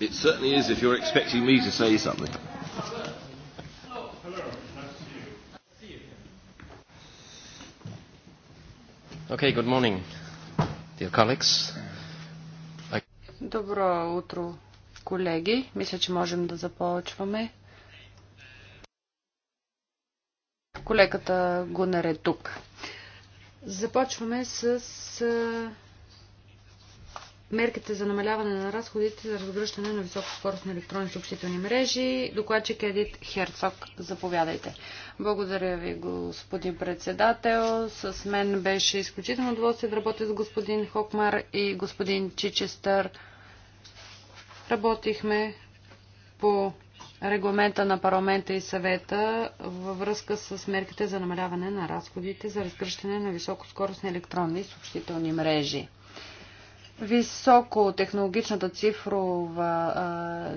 It certainly is if you're expecting me to say something. Okay, good morning, dear colleagues. I... Добро утро, колеги. Мисля, че можем да започваме. Колегата го наред тук. Започваме с мерките за намаляване на разходите за разгръщане на високоскоростни електронни съобщителни мрежи. Докладчик е Едит Херцог, заповядайте. Благодаря ви, господин председател. С мен беше изключително удоволствие да работя с господин Хокмар и господин Чичестър. Работихме по регламента на парламента и съвета във връзка с мерките за намаляване на разходите за разгръщане на високоскоростни електронни съобщителни мрежи. Високотехнологичната цифрова а,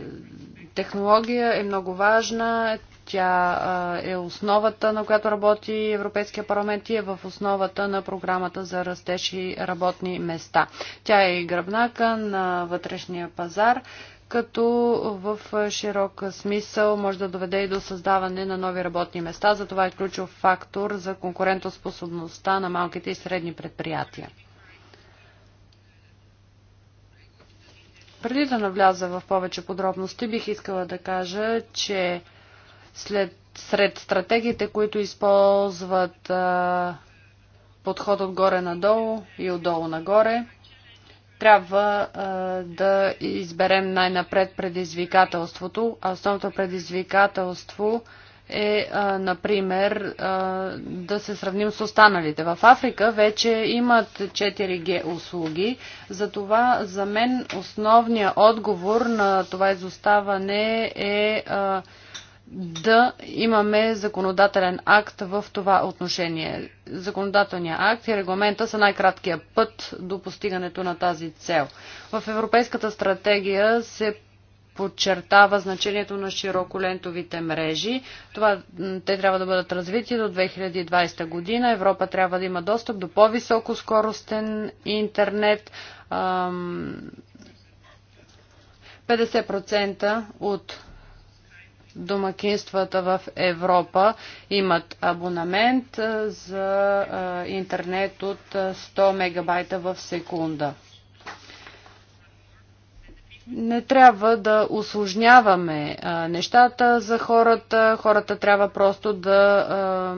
технология е много важна. Тя а, е основата, на която работи Европейския парламент и е в основата на програмата за растеж и работни места. Тя е и гръбнака на вътрешния пазар, като в широк смисъл може да доведе и до създаване на нови работни места. Затова е ключов фактор за конкурентоспособността на малките и средни предприятия. Преди да навляза в повече подробности, бих искала да кажа, че след, сред стратегиите, които използват а, подход отгоре надолу и отдолу нагоре, трябва а, да изберем най-напред предизвикателството, а основното предизвикателство е, а, например, а, да се сравним с останалите. В Африка вече имат 4G услуги, затова за мен основният отговор на това изоставане е а, да имаме законодателен акт в това отношение. Законодателният акт и регламента са най-краткия път до постигането на тази цел. В Европейската стратегия се подчертава значението на широколентовите мрежи. Това, те трябва да бъдат развити до 2020 година. Европа трябва да има достъп до по-високо скоростен интернет. 50% от домакинствата в Европа имат абонамент за интернет от 100 мегабайта в секунда не трябва да осложняваме нещата за хората. Хората трябва просто да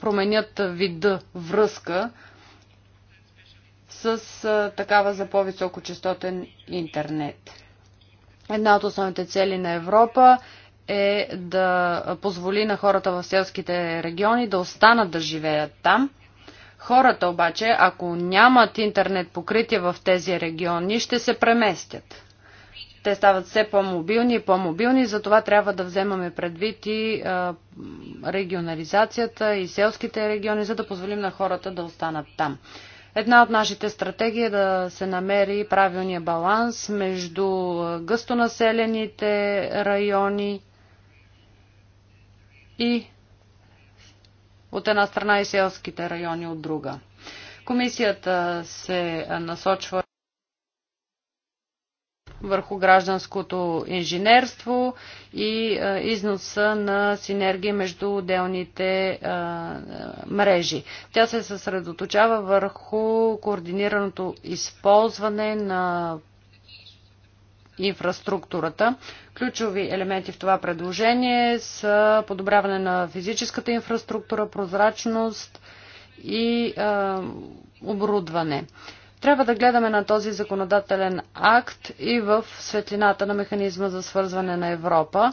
променят вида връзка с такава за по-високочастотен интернет. Една от основните цели на Европа е да позволи на хората в селските региони да останат да живеят там. Хората обаче, ако нямат интернет покритие в тези региони, ще се преместят. Те стават все по-мобилни и по-мобилни, затова трябва да вземаме предвид и регионализацията и селските региони, за да позволим на хората да останат там. Една от нашите стратегии е да се намери правилния баланс между гъстонаселените райони и от една страна и селските райони от друга. Комисията се насочва върху гражданското инженерство и износа на синергия между отделните мрежи. Тя се съсредоточава върху координираното използване на инфраструктурата. Ключови елементи в това предложение са подобряване на физическата инфраструктура, прозрачност и оборудване. Трябва да гледаме на този законодателен акт и в светлината на механизма за свързване на Европа.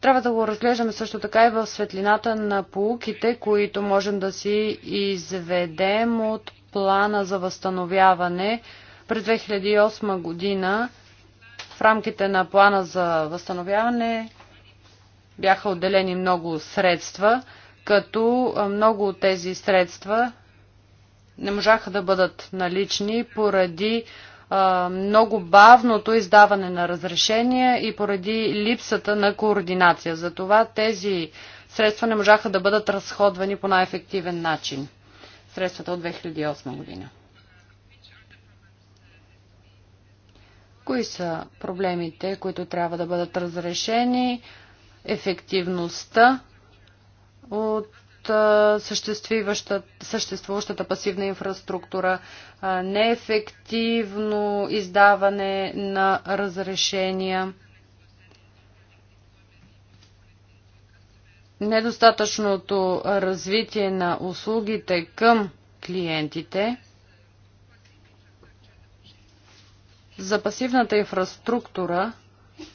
Трябва да го разглеждаме също така и в светлината на полуките, които можем да си изведем от плана за възстановяване през 2008 година. В рамките на плана за възстановяване бяха отделени много средства, като много от тези средства не можаха да бъдат налични поради много бавното издаване на разрешения и поради липсата на координация. Затова тези средства не можаха да бъдат разходвани по най-ефективен начин. Средствата от 2008 година. Кои са проблемите, които трябва да бъдат разрешени? Ефективността от съществуващата пасивна инфраструктура, неефективно издаване на разрешения, недостатъчното развитие на услугите към клиентите. За пасивната инфраструктура –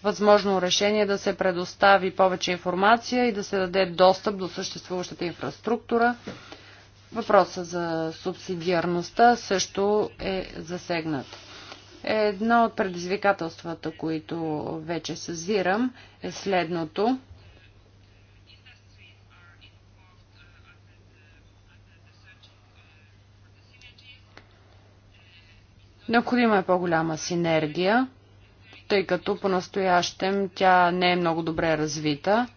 възможно решение да се предостави повече информация и да се даде достъп до съществуващата инфраструктура. Въпросът за субсидиарността също е засегнат. Едно от предизвикателствата, които вече съзирам, е следното. Необходима е по-голяма синергия тъй като по-настоящем тя не е много добре развита.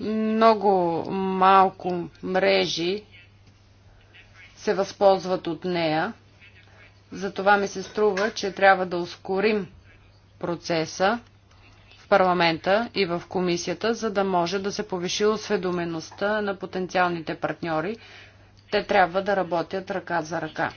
Много малко мрежи се възползват от нея. Затова ми се струва, че трябва да ускорим процеса в парламента и в комисията, за да може да се повиши осведомеността на потенциалните партньори, те трябва да работят ръка за ръка.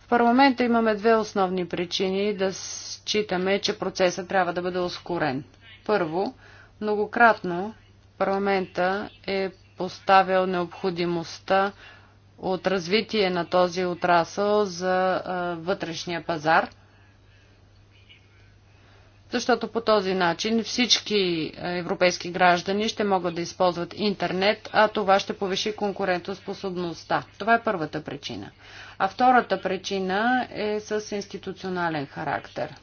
В парламента имаме две основни причини да считаме, че процесът трябва да бъде ускорен. Първо, многократно парламента е поставял необходимостта от развитие на този отрасъл за вътрешния пазар – защото по този начин всички европейски граждани ще могат да използват интернет, а това ще повиши конкурентоспособността. Това е първата причина. А втората причина е с институционален характер.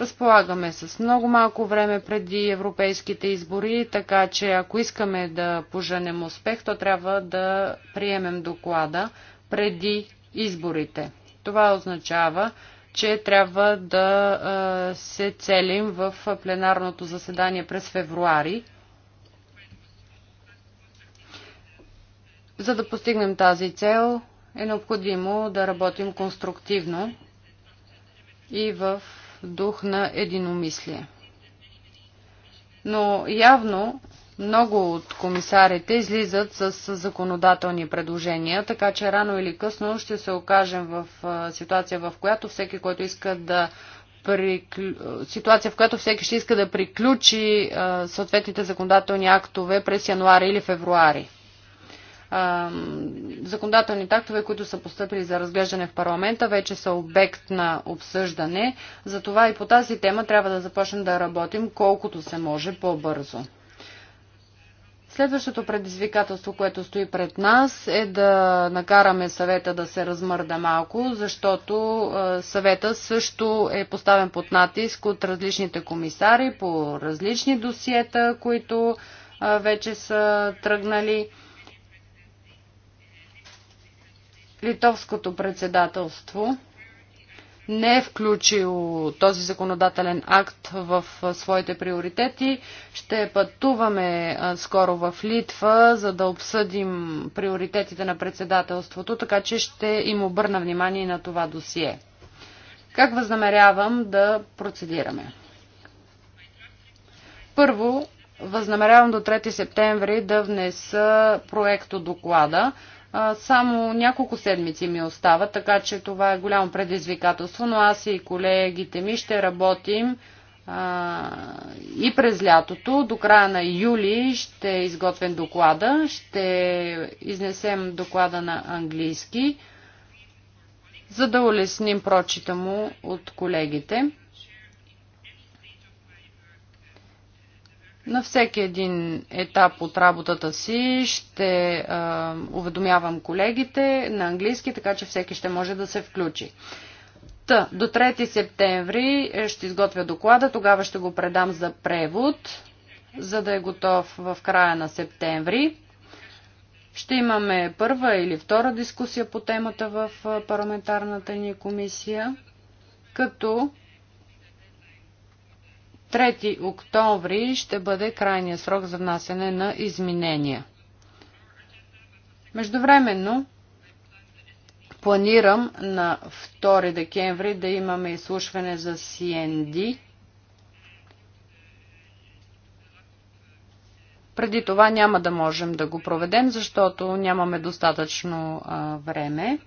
Разполагаме с много малко време преди европейските избори, така че ако искаме да поженем успех, то трябва да приемем доклада преди изборите. Това означава, че трябва да се целим в пленарното заседание през февруари, За да постигнем тази цел е необходимо да работим конструктивно и в дух на единомислие. Но явно много от комисарите излизат с законодателни предложения, така че рано или късно ще се окажем в ситуация, в която всеки, който иска да приклю... ситуация, в която всеки ще иска да приключи а, съответните законодателни актове през януари или февруари. А, законодателните актове, които са поступили за разглеждане в парламента, вече са обект на обсъждане. Затова и по тази тема трябва да започнем да работим колкото се може по-бързо. Следващото предизвикателство, което стои пред нас е да накараме съвета да се размърда малко, защото е, съвета също е поставен под натиск от различните комисари по различни досиета, които е, вече са тръгнали. Литовското председателство не е включил този законодателен акт в своите приоритети. Ще пътуваме скоро в Литва, за да обсъдим приоритетите на председателството, така че ще им обърна внимание на това досие. Как възнамерявам да процедираме? Първо, възнамерявам до 3 септември да внеса проекто доклада. Само няколко седмици ми остават, така че това е голямо предизвикателство, но аз и колегите ми ще работим и през лятото, до края на юли ще изготвим доклада, ще изнесем доклада на английски, за да улесним прочита му от колегите. На всеки един етап от работата си ще а, уведомявам колегите на английски, така че всеки ще може да се включи. Та, до 3 септември е, ще изготвя доклада, тогава ще го предам за превод, за да е готов в края на септември. Ще имаме първа или втора дискусия по темата в парламентарната ни комисия, като 3 октомври ще бъде крайният срок за внасяне на изменения. Междувременно планирам на 2 декември да имаме изслушване за CND. Преди това няма да можем да го проведем, защото нямаме достатъчно а, време.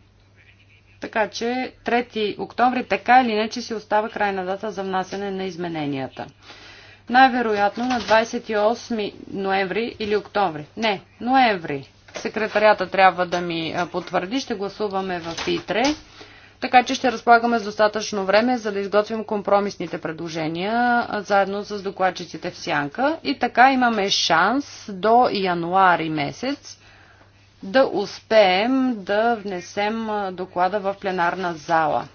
Така че 3 октомври така или иначе си остава крайна дата за внасяне на измененията. Най-вероятно на 28 ноември или октомври. Не, ноември. Секретарията трябва да ми потвърди. Ще гласуваме в ИТРЕ. Така че ще разполагаме с достатъчно време, за да изготвим компромисните предложения заедно с докладчиците в Сянка. И така имаме шанс до януари месец да успеем да внесем доклада в пленарна зала.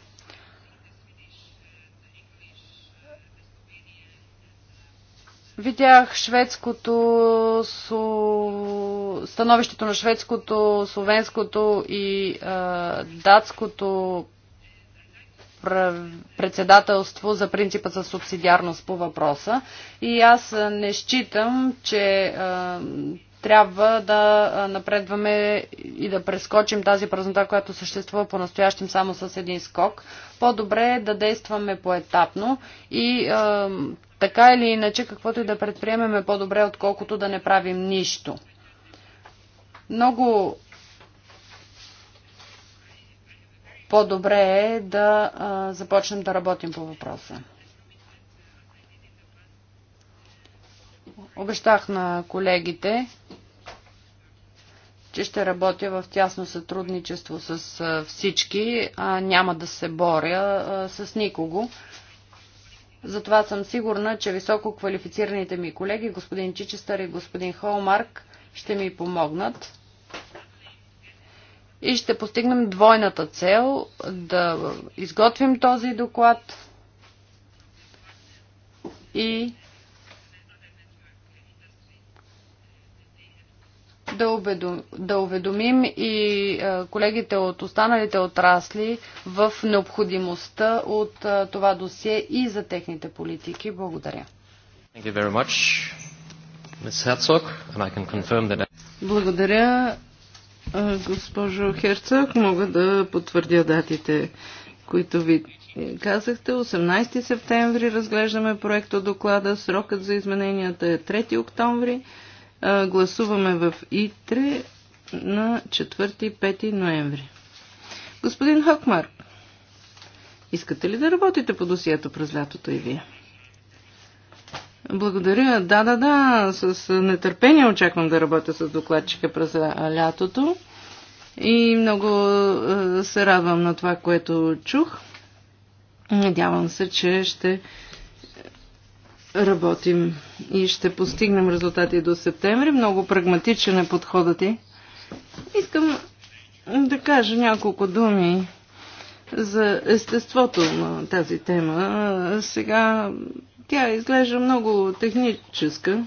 Видях шведското, становището на шведското, словенското и датското председателство за принципа за субсидиарност по въпроса. И аз не считам, че трябва да напредваме и да прескочим тази празнота, която съществува по-настоящем само с един скок. По-добре е да действаме поетапно и е, така или иначе, каквото и да предприемеме по-добре, отколкото да не правим нищо. Много по-добре е да е, започнем да работим по въпроса. Обещах на колегите, че ще работя в тясно сътрудничество с всички, а няма да се боря с никого. Затова съм сигурна, че високо квалифицираните ми колеги, господин Чичестър и господин Холмарк, ще ми помогнат и ще постигнем двойната цел да изготвим този доклад и да, убедум, да уведомим и е, колегите от останалите отрасли в необходимостта от е, това досие и за техните политики. Благодаря. Благодаря, госпожо Херцог. Мога да потвърдя датите, които ви казахте. 18 септември разглеждаме проекта доклада. Срокът за измененията е 3 октомври. Гласуваме в ИТРЕ на 4-5 ноември. Господин Хокмар, искате ли да работите по досието през лятото и вие? Благодаря. Да, да, да. С нетърпение очаквам да работя с докладчика през лятото. И много се радвам на това, което чух. Надявам се, че ще работим и ще постигнем резултати до септември. Много прагматичен е подходът ти. Искам да кажа няколко думи за естеството на тази тема. Сега тя изглежда много техническа,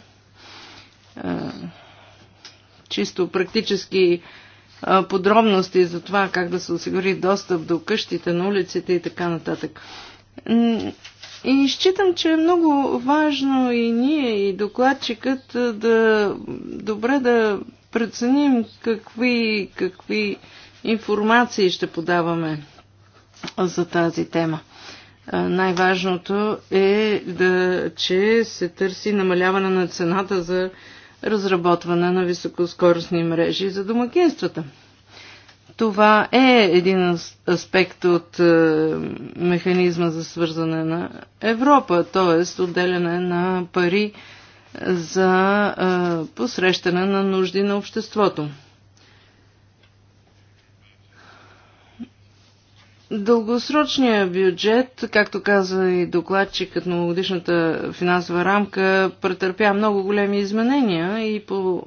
чисто практически подробности за това как да се осигури достъп до къщите, на улиците и така нататък. И считам, че е много важно и ние, и докладчикът да добре да преценим какви, какви информации ще подаваме за тази тема. Най-важното е да, че се търси намаляване на цената за разработване на високоскоростни мрежи за домакинствата. Това е един аспект от е, механизма за свързане на Европа, т.е. отделяне на пари за е, посрещане на нужди на обществото. Дългосрочният бюджет, както каза и докладчикът на годишната финансова рамка, претърпя много големи изменения и по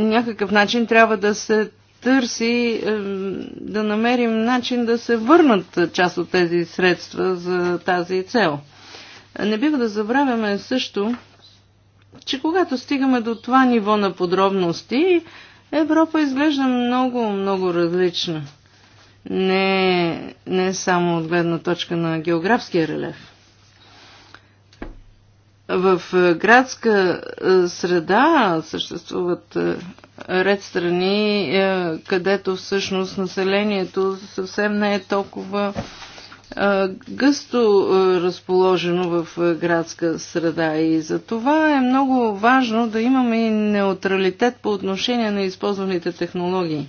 някакъв начин трябва да се търси, е, да намерим начин да се върнат част от тези средства за тази цел. Не бива да забравяме също, че когато стигаме до това ниво на подробности, Европа изглежда много, много различна. Не, не само от гледна точка на географския релеф. В е, градска е, среда съществуват е, ред страни, където всъщност населението съвсем не е толкова гъсто разположено в градска среда и за това е много важно да имаме и неутралитет по отношение на използваните технологии.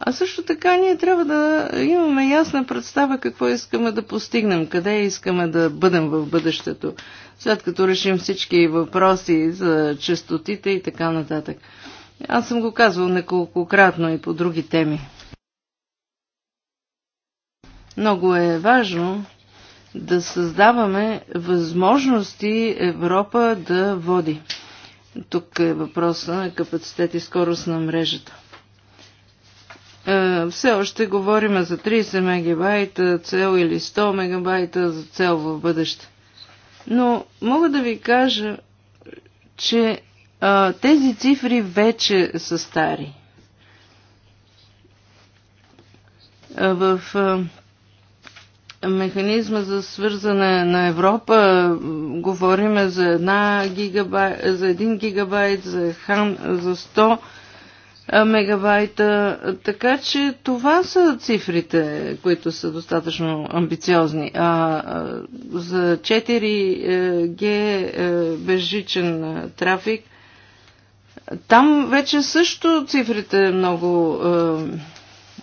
А също така ние трябва да имаме ясна представа какво искаме да постигнем, къде искаме да бъдем в бъдещето след като решим всички въпроси за частотите и така нататък. Аз съм го казвал неколкократно и по други теми. Много е важно да създаваме възможности Европа да води. Тук е въпроса на капацитет и скорост на мрежата. Е, все още говорим за 30 мегабайта цел или 100 мегабайта за цел в бъдеще. Но мога да ви кажа, че а, тези цифри вече са стари. А, в а, механизма за свързане на Европа говориме за, една гигабай, за 1 гигабайт, за, хан, за 100 мегабайта. Така че това са цифрите, които са достатъчно амбициозни. А за 4G е, безжичен трафик, там вече също цифрите много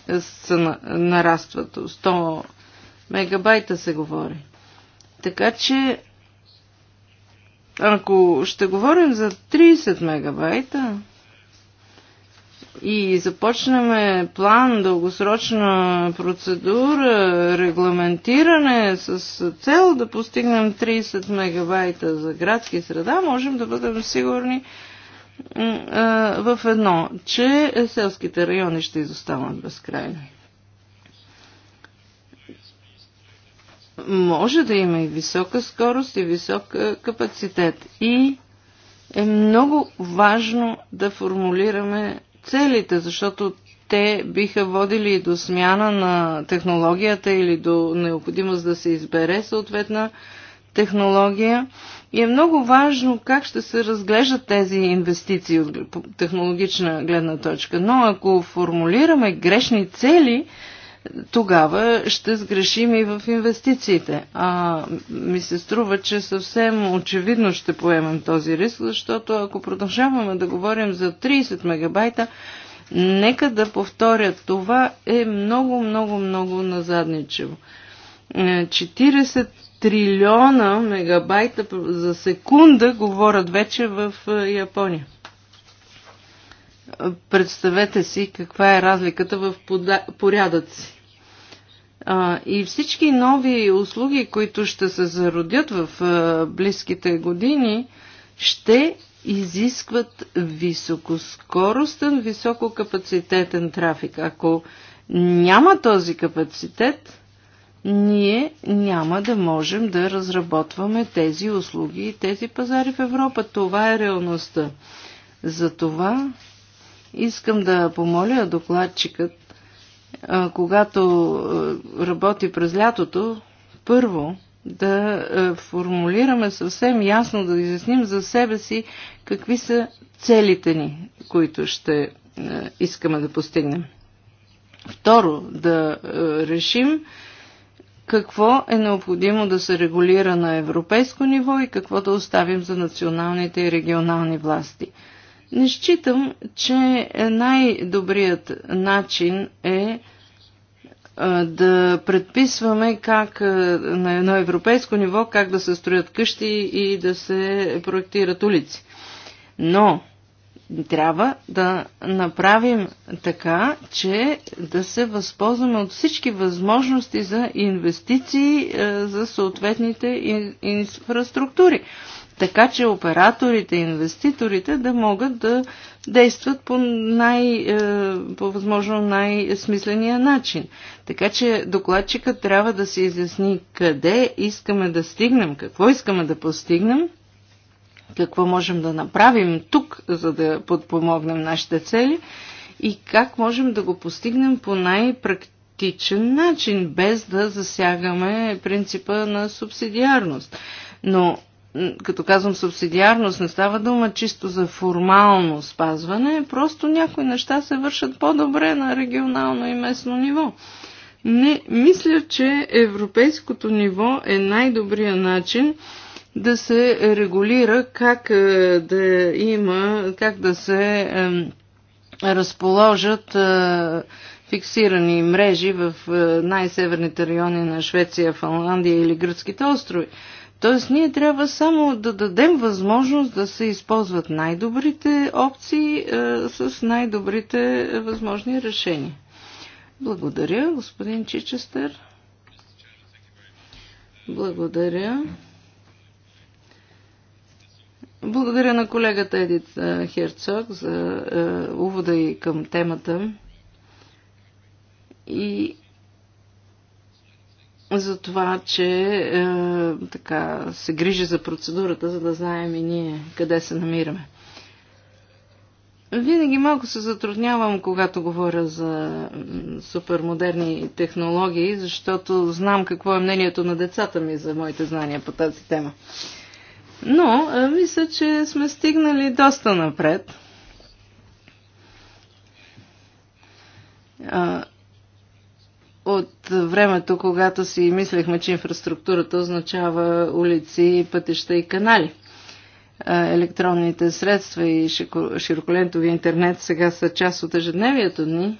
е, са, нарастват. 100 мегабайта се говори. Така че, ако ще говорим за 30 мегабайта, и започнаме план, дългосрочна процедура, регламентиране с цел да постигнем 30 мегабайта за градски среда, можем да бъдем сигурни в едно, че селските райони ще изостанат безкрайно. Може да има и висока скорост, и висок капацитет. И е много важно да формулираме целите, защото те биха водили до смяна на технологията или до необходимост да се избере съответна технология. И е много важно как ще се разглеждат тези инвестиции от технологична гледна точка. Но ако формулираме грешни цели, тогава ще сгрешим и в инвестициите. А ми се струва, че съвсем очевидно ще поемем този риск, защото ако продължаваме да говорим за 30 мегабайта, нека да повторя, това е много, много, много назадничево. 40 е, трилиона мегабайта за секунда говорят вече в е, Япония. Представете си каква е разликата в порядъци. И всички нови услуги, които ще се зародят в близките години, ще изискват високоскоростен, висококапацитетен трафик. Ако няма този капацитет, ние няма да можем да разработваме тези услуги и тези пазари в Европа. Това е реалността. Затова Искам да помоля докладчикът, когато работи през лятото, първо да формулираме съвсем ясно, да изясним за себе си какви са целите ни, които ще искаме да постигнем. Второ, да решим какво е необходимо да се регулира на европейско ниво и какво да оставим за националните и регионални власти – не считам, че най-добрият начин е, е да предписваме как е, на едно европейско ниво как да се строят къщи и да се проектират улици. Но трябва да направим така, че да се възползваме от всички възможности за инвестиции е, за съответните инфраструктури така че операторите, инвеститорите да могат да действат по, най, е, по възможно най-смисления начин. Така че докладчика трябва да се изясни къде искаме да стигнем, какво искаме да постигнем, какво можем да направим тук, за да подпомогнем нашите цели и как можем да го постигнем по най-практичен начин, без да засягаме принципа на субсидиарност. Но като казвам субсидиарност, не става дума чисто за формално спазване, просто някои неща се вършат по-добре на регионално и местно ниво. Не, мисля, че европейското ниво е най-добрия начин да се регулира как е, да има, как да се разположат е, фиксирани мрежи в е, най-северните райони на Швеция, Фанландия или гръцките острови. Тоест, ние трябва само да дадем възможност да се използват най-добрите опции е, с най-добрите възможни решения. Благодаря, господин Чичестър. Благодаря. Благодаря на колегата Едит е, Херцог за е, увода и към темата. И за това, че е, така се грижи за процедурата, за да знаем и ние къде се намираме. Винаги малко се затруднявам, когато говоря за супермодерни технологии, защото знам какво е мнението на децата ми за моите знания по тази тема. Но е, мисля, че сме стигнали доста напред от времето, когато си мислехме, че инфраструктурата означава улици, пътища и канали. Електронните средства и широколентови интернет сега са част от ежедневието ни.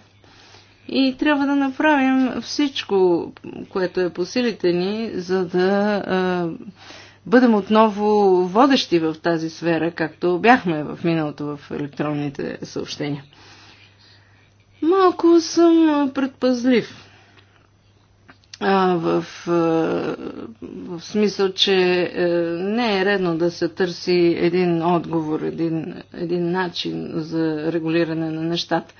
И трябва да направим всичко, което е по силите ни, за да а, бъдем отново водещи в тази сфера, както бяхме в миналото в електронните съобщения. Малко съм предпазлив в, в смисъл, че е, не е редно да се търси един отговор, един, един начин за регулиране на нещата.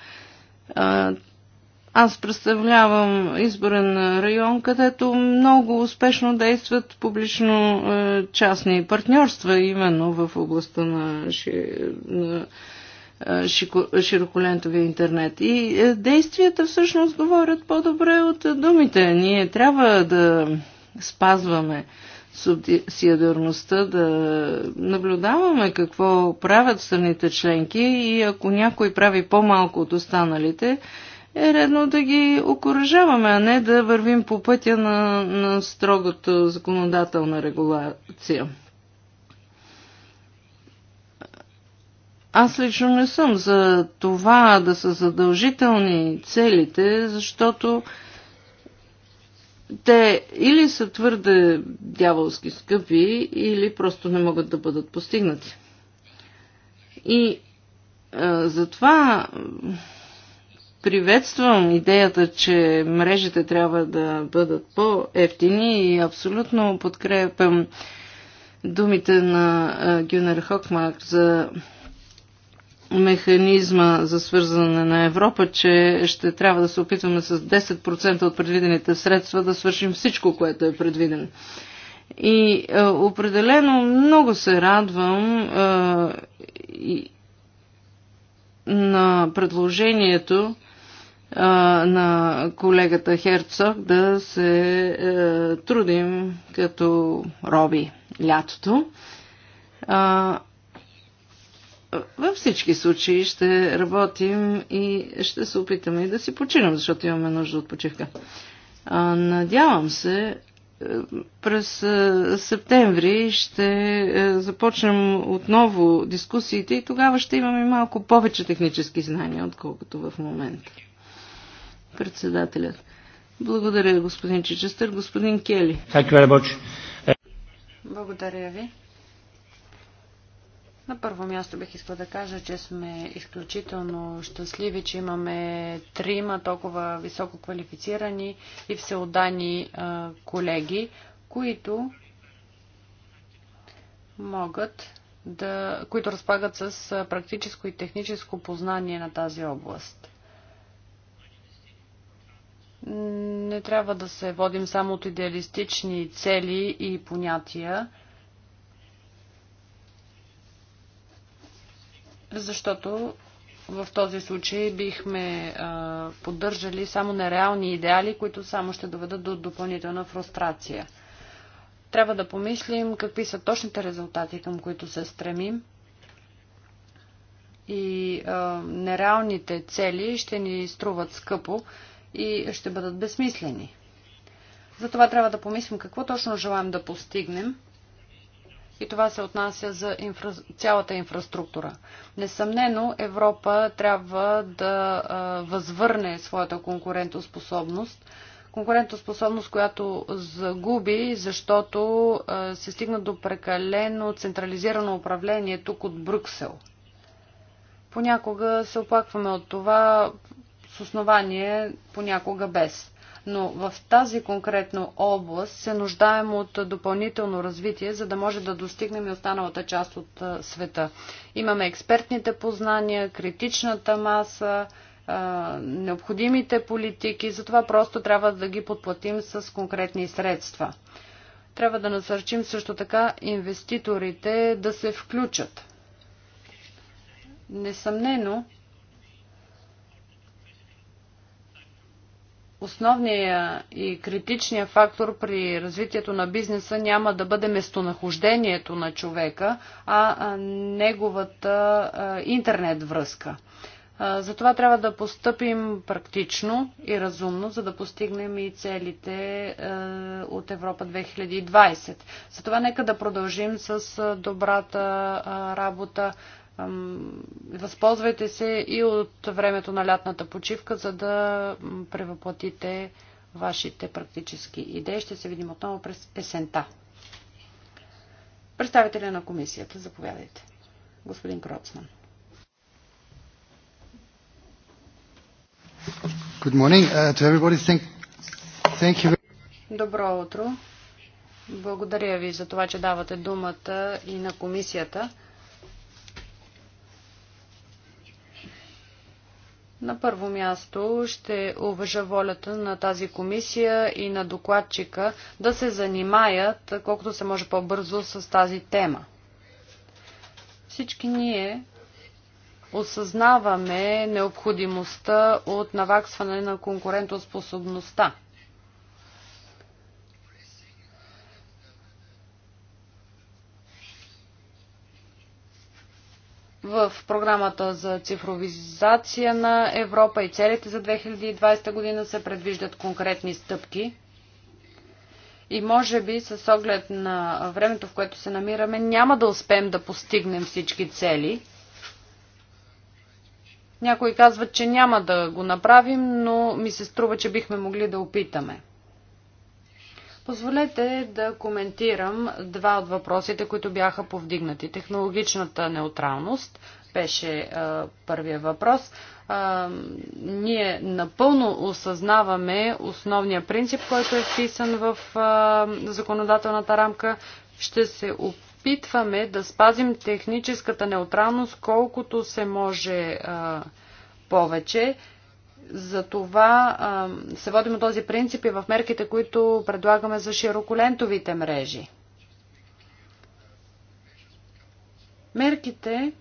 Аз представлявам изборен район, където много успешно действат публично-частни е, партньорства, именно в областта на, на широколентовия интернет. И е, действията всъщност говорят по-добре от думите. Ние трябва да спазваме субсидиарността, да наблюдаваме какво правят страните членки и ако някой прави по-малко от останалите, е редно да ги окоръжаваме, а не да вървим по пътя на, на строгото законодателна регулация. Аз лично не съм за това да са задължителни целите, защото те или са твърде дяволски скъпи, или просто не могат да бъдат постигнати. И а, затова приветствам идеята, че мрежите трябва да бъдат по-ефтини и абсолютно подкрепям думите на Гюнер Хокмарк за механизма за свързване на Европа, че ще трябва да се опитваме с 10% от предвидените средства да свършим всичко, което е предвидено. И е, определено много се радвам е, и, на предложението е, на колегата Херцог да се е, трудим като роби лятото. Е, във всички случаи ще работим и ще се опитаме и да си починем, защото имаме нужда от почивка. Надявам се, е, през е, септември ще е, започнем отново дискусиите и тогава ще имаме малко повече технически знания, отколкото в момента. Председателят. Благодаря, господин Чичестър. Господин Кели. Благодаря ви. На първо място бих искала да кажа, че сме изключително щастливи, че имаме трима толкова високо квалифицирани и всеодани колеги, които могат да, които разполагат с практическо и техническо познание на тази област. Не трябва да се водим само от идеалистични цели и понятия, защото в този случай бихме а, поддържали само нереални идеали, които само ще доведат до допълнителна фрустрация. Трябва да помислим какви са точните резултати, към които се стремим и а, нереалните цели ще ни струват скъпо и ще бъдат безсмислени. Затова трябва да помислим какво точно желаем да постигнем и това се отнася за инфра... цялата инфраструктура. Несъмнено Европа трябва да а, възвърне своята конкурентоспособност, конкурентоспособност, която загуби, защото а, се стигна до прекалено централизирано управление тук от Брюксел. Понякога се оплакваме от това с основание, понякога без но в тази конкретно област се нуждаем от допълнително развитие, за да може да достигнем и останалата част от света. Имаме експертните познания, критичната маса, необходимите политики, затова просто трябва да ги подплатим с конкретни средства. Трябва да насърчим също така инвеститорите да се включат. Несъмнено, Основният и критичният фактор при развитието на бизнеса няма да бъде местонахождението на човека, а неговата интернет връзка. Затова трябва да постъпим практично и разумно, за да постигнем и целите от Европа 2020. Затова нека да продължим с добрата работа Възползвайте се и от времето на лятната почивка, за да превъплатите вашите практически идеи. Ще се видим отново през есента. Представителя на комисията, заповядайте. Господин Кроцман. Good morning uh, to everybody. Thank, thank you. Добро утро. Благодаря ви за това, че давате думата и на комисията. На първо място ще уважа волята на тази комисия и на докладчика да се занимаят колкото се може по-бързо с тази тема. Всички ние осъзнаваме необходимостта от наваксване на конкурентоспособността. в програмата за цифровизация на Европа и целите за 2020 година се предвиждат конкретни стъпки. И може би с оглед на времето, в което се намираме, няма да успеем да постигнем всички цели. Някои казват, че няма да го направим, но ми се струва, че бихме могли да опитаме. Позволете да коментирам два от въпросите, които бяха повдигнати. Технологичната неутралност беше е, първия въпрос. Е, ние напълно осъзнаваме основния принцип, който е вписан в е, законодателната рамка. Ще се опитваме да спазим техническата неутралност колкото се може повече. За това се водим от този принцип и в мерките, които предлагаме за широколентовите мрежи. Мерките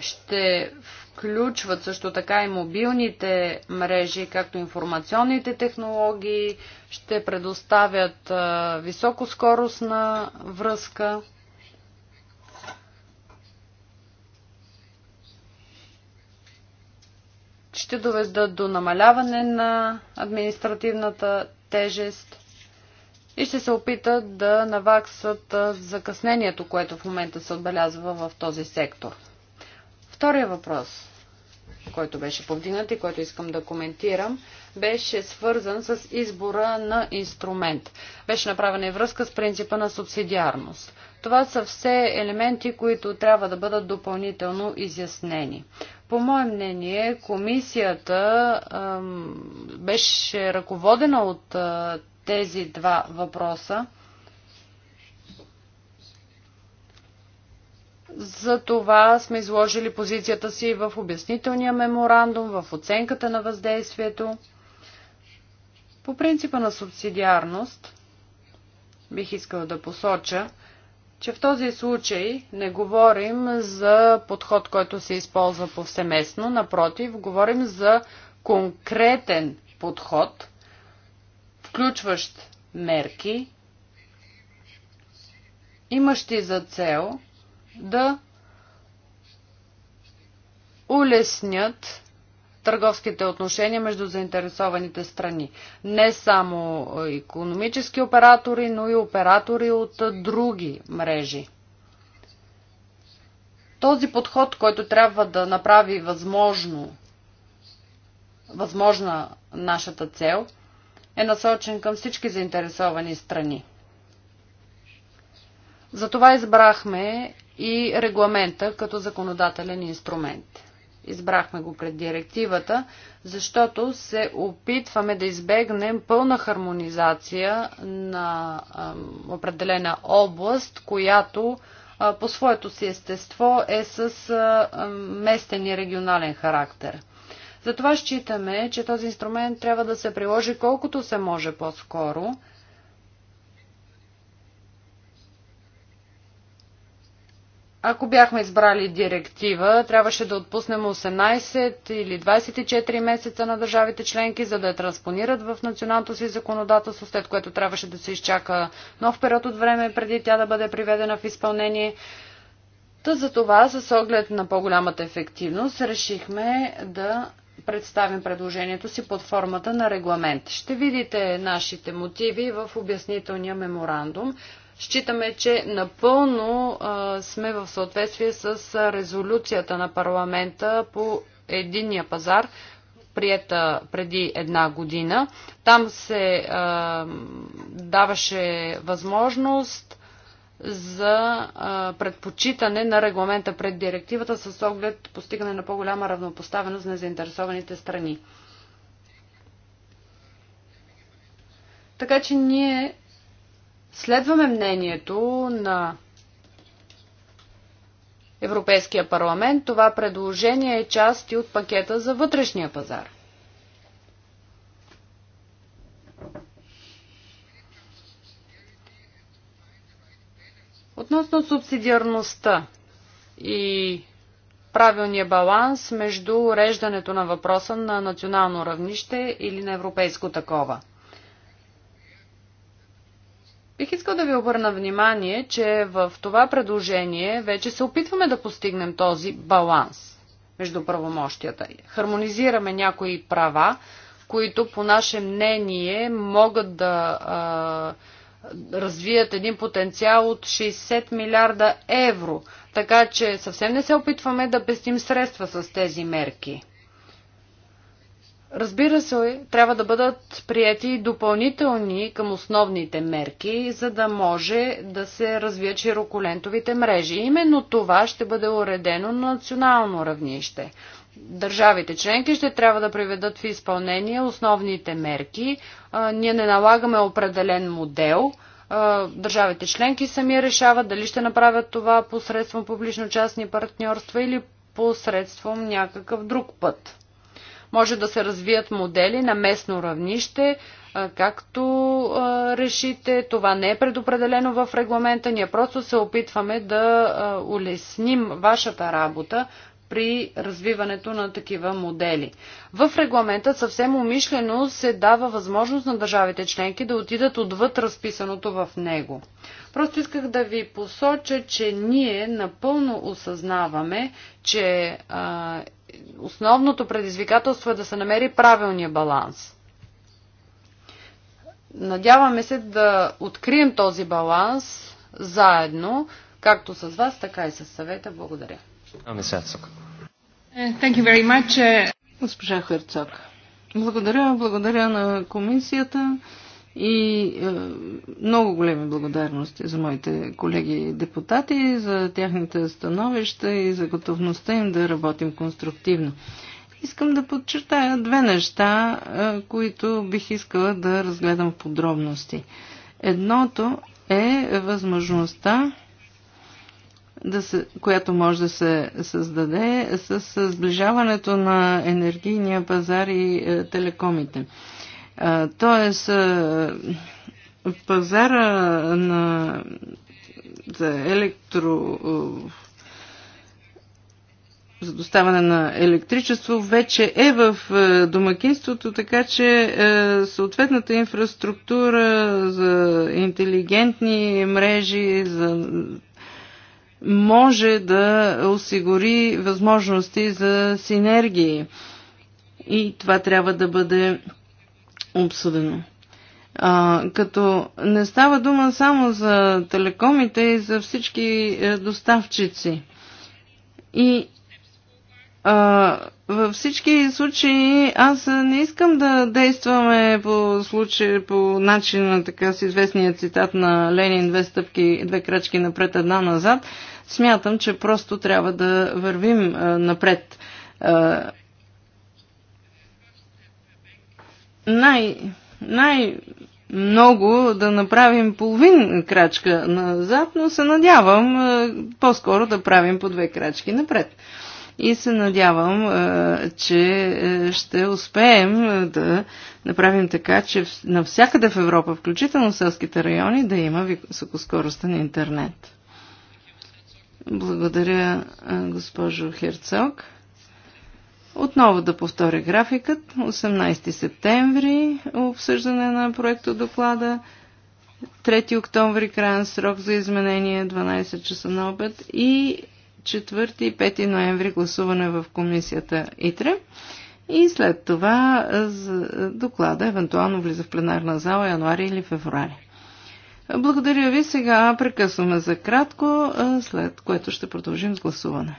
ще включват също така и мобилните мрежи, както информационните технологии, ще предоставят високоскоростна връзка. ще доведат до намаляване на административната тежест и ще се опитат да наваксат закъснението, което в момента се отбелязва в този сектор. Втория въпрос, който беше повдигнат и който искам да коментирам, беше свързан с избора на инструмент. Беше направена и връзка с принципа на субсидиарност. Това са все елементи, които трябва да бъдат допълнително изяснени. По мое мнение, комисията ам, беше ръководена от а, тези два въпроса. За това сме изложили позицията си в обяснителния меморандум, в оценката на въздействието. По принципа на субсидиарност бих искала да посоча, че в този случай не говорим за подход, който се използва повсеместно, напротив, говорим за конкретен подход, включващ мерки, имащи за цел да улеснят търговските отношения между заинтересованите страни. Не само економически оператори, но и оператори от други мрежи. Този подход, който трябва да направи възможно, възможна нашата цел, е насочен към всички заинтересовани страни. Затова избрахме и регламента като законодателен инструмент. Избрахме го пред директивата, защото се опитваме да избегнем пълна хармонизация на определена област, която по своето си естество е с местен и регионален характер. Затова считаме, че този инструмент трябва да се приложи колкото се може по-скоро – Ако бяхме избрали директива, трябваше да отпуснем 18 или 24 месеца на държавите членки, за да я транспонират в националното си законодателство, след което трябваше да се изчака нов период от време преди тя да бъде приведена в изпълнение. Та за това, с оглед на по-голямата ефективност, решихме да представим предложението си под формата на регламент. Ще видите нашите мотиви в обяснителния меморандум. Считаме, че напълно сме в съответствие с резолюцията на парламента по единния пазар, прията преди една година. Там се а, даваше възможност за а, предпочитане на регламента пред директивата с оглед постигане на по-голяма равнопоставеност на заинтересованите страни. Така че ние Следваме мнението на Европейския парламент. Това предложение е част и от пакета за вътрешния пазар. Относно субсидиарността и правилния баланс между уреждането на въпроса на национално равнище или на европейско такова. да ви обърна внимание, че в това предложение вече се опитваме да постигнем този баланс между правомощията. Хармонизираме някои права, които по наше мнение могат да а, развият един потенциал от 60 милиарда евро. Така че съвсем не се опитваме да пестим средства с тези мерки. Разбира се, трябва да бъдат прияти допълнителни към основните мерки, за да може да се развият широколентовите мрежи. Именно това ще бъде уредено на национално равнище. Държавите членки ще трябва да приведат в изпълнение основните мерки. ние не налагаме определен модел. държавите членки сами решават дали ще направят това посредством публично-частни партньорства или посредством някакъв друг път. Може да се развият модели на местно равнище, както решите. Това не е предопределено в регламента. Ние просто се опитваме да улесним вашата работа при развиването на такива модели. В регламента съвсем умишлено се дава възможност на държавите членки да отидат отвъд разписаното в него. Просто исках да ви посоча, че ние напълно осъзнаваме, че а, основното предизвикателство е да се намери правилния баланс. Надяваме се да открием този баланс заедно, както с вас, така и с съвета. Благодаря. Ами, е, thank you very much. Е. Госпожа Херцог. Благодаря, благодаря на комисията. И е, много големи благодарности за моите колеги депутати, за тяхните становища и за готовността им да работим конструктивно. Искам да подчертая две неща, е, които бих искала да разгледам в подробности. Едното е възможността, да се, която може да се създаде с сближаването на енергийния пазар и е, телекомите. Тоест, пазара на за електро за доставане на електричество вече е в е, домакинството, така че е, съответната инфраструктура за интелигентни мрежи за може да осигури възможности за синергии. И това трябва да бъде обсъдено. А, като не става дума само за телекомите и за всички е, доставчици. И а, във всички случаи аз не искам да действаме по, случай, по начина, така с известния цитат на Ленин, две стъпки, две крачки напред, една назад. Смятам, че просто трябва да вървим а, е, напред. А, е, най, най много да направим половин крачка назад, но се надявам е, по-скоро да правим по две крачки напред. И се надявам, е, че е, ще успеем да направим така, че навсякъде в Европа, включително в селските райони, да има високоскоростен интернет. Благодаря, госпожо Херцог. Отново да повторя графикът. 18 септември обсъждане на проекто доклада. 3 октомври крайен срок за изменение 12 часа на обед и 4 и 5 ноември гласуване в комисията ИТРЕ. И след това доклада евентуално влиза в пленарна зала януари или февруари. Благодаря ви. Сега прекъсваме за кратко, след което ще продължим с гласуване.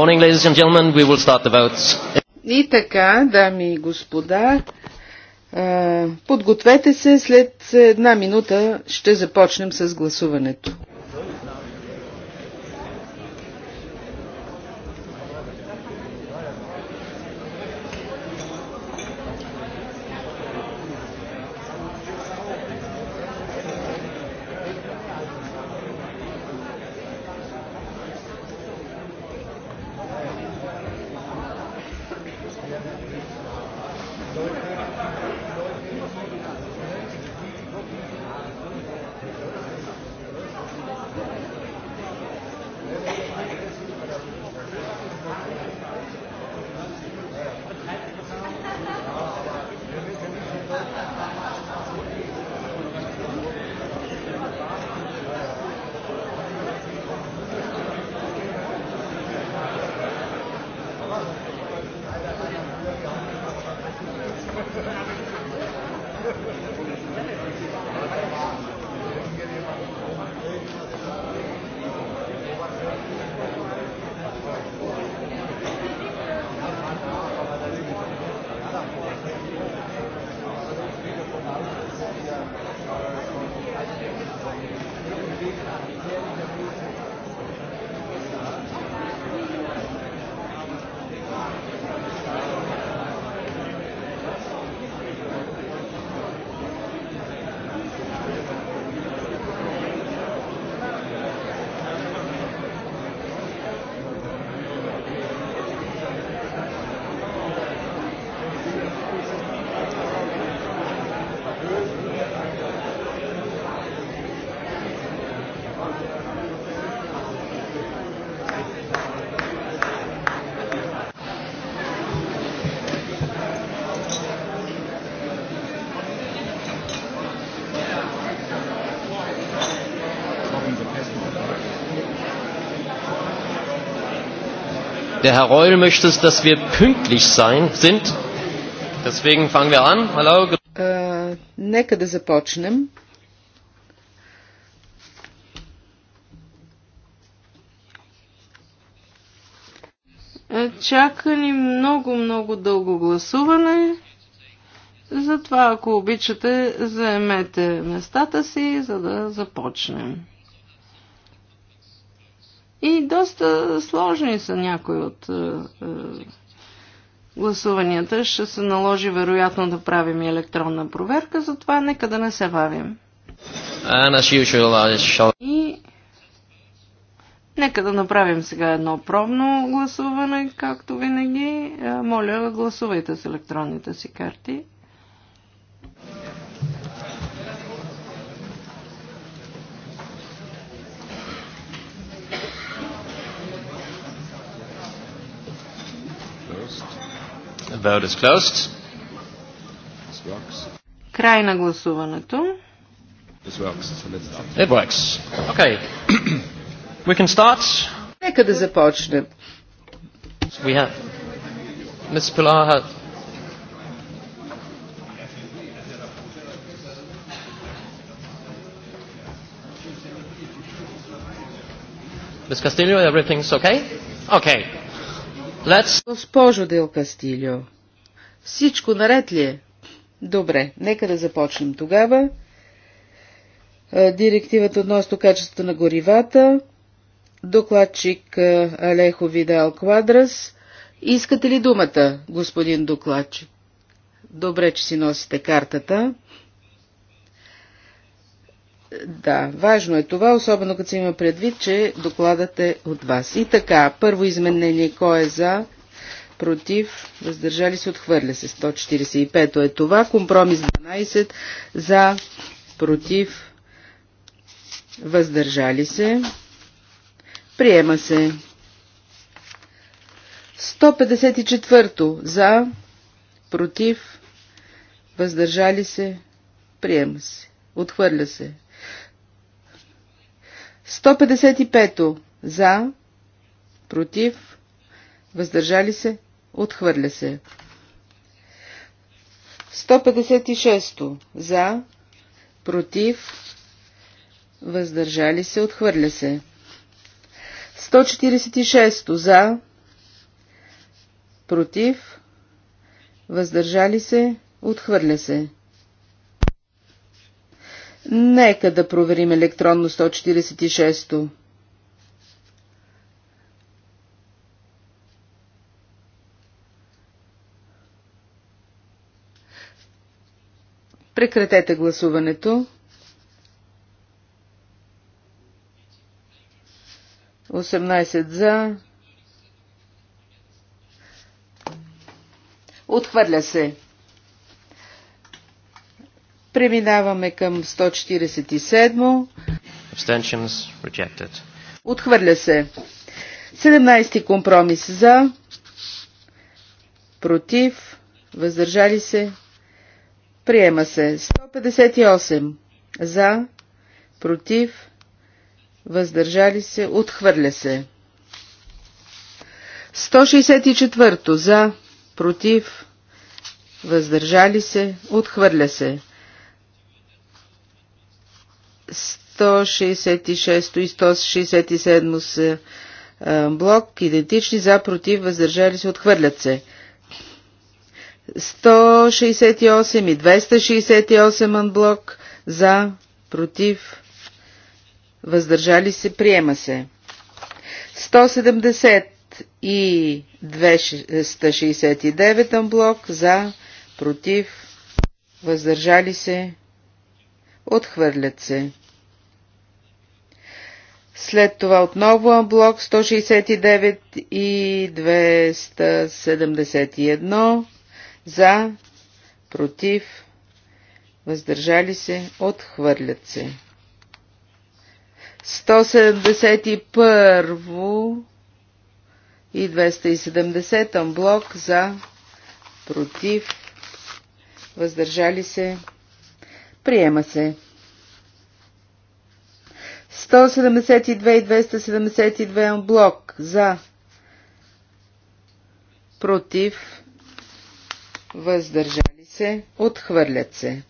Morning, ladies and gentlemen. We will start the votes. И така, дами и господа, подгответе се, след една минута ще започнем с гласуването. Der Herr Reul möchte, dass wir pünktlich sein, sind. Deswegen fangen wir an. Hallo. Äh, нека да започнем. Е, чака ни много, много дълго гласуване. Затова, ако обичате, заемете местата си, за да започнем. И доста сложни са някои от е, е, гласуванията. Ще се наложи вероятно да правим и електронна проверка, затова нека да не се бавим. И нека да направим сега едно пробно гласуване, както винаги. Е, моля, гласувайте с електронните си карти. Vote is closed. Край на гласуването. It works. Okay. We can start. Нека да започнем. We have Ms. Pilar has Ms. Castillo, everything's okay? Okay. Let's... Госпожо Дел Кастильо, всичко наред ли е? Добре, нека да започнем тогава. Директивата относно качеството на горивата, докладчик Алехо Видал Квадрас. Искате ли думата, господин докладчик? Добре, че си носите картата. Да, важно е това, особено като се има предвид, че докладът е от вас. И така, първо изменение, кой е за, против, въздържали се, отхвърля се. 145 е това, компромис 12, за, против, въздържали се, приема се. 154 за, против, въздържали се, приема се, отхвърля се. 155 за, против, въздържали се, отхвърля се. 156 за, против, въздържали се, отхвърля се. 146 за, против, въздържали се, отхвърля се. Нека да проверим електронно 146-то. Прекратете гласуването. Осемнайсет за. Отхвърля се. Преминаваме към 147. Abstentions rejected. Отхвърля се. 17 компромис за, против, въздържали се, приема се. 158 за, против, въздържали се, отхвърля се. 164 за, против, въздържали се, отхвърля се. 166 и 167 са блок, идентични, за, против, въздържали се, отхвърлят се. 168 и 268 анблок, за, против, въздържали се, приема се. 170 и 269 анблок, за, против, въздържали се, Отхвърлят се. След това отново блок 169 и 271 за, против, въздържали се, отхвърлят се. 171 и 270 блок за, против, въздържали се, Приема се. 172 и 272 блок за против въздържали се, отхвърлят се.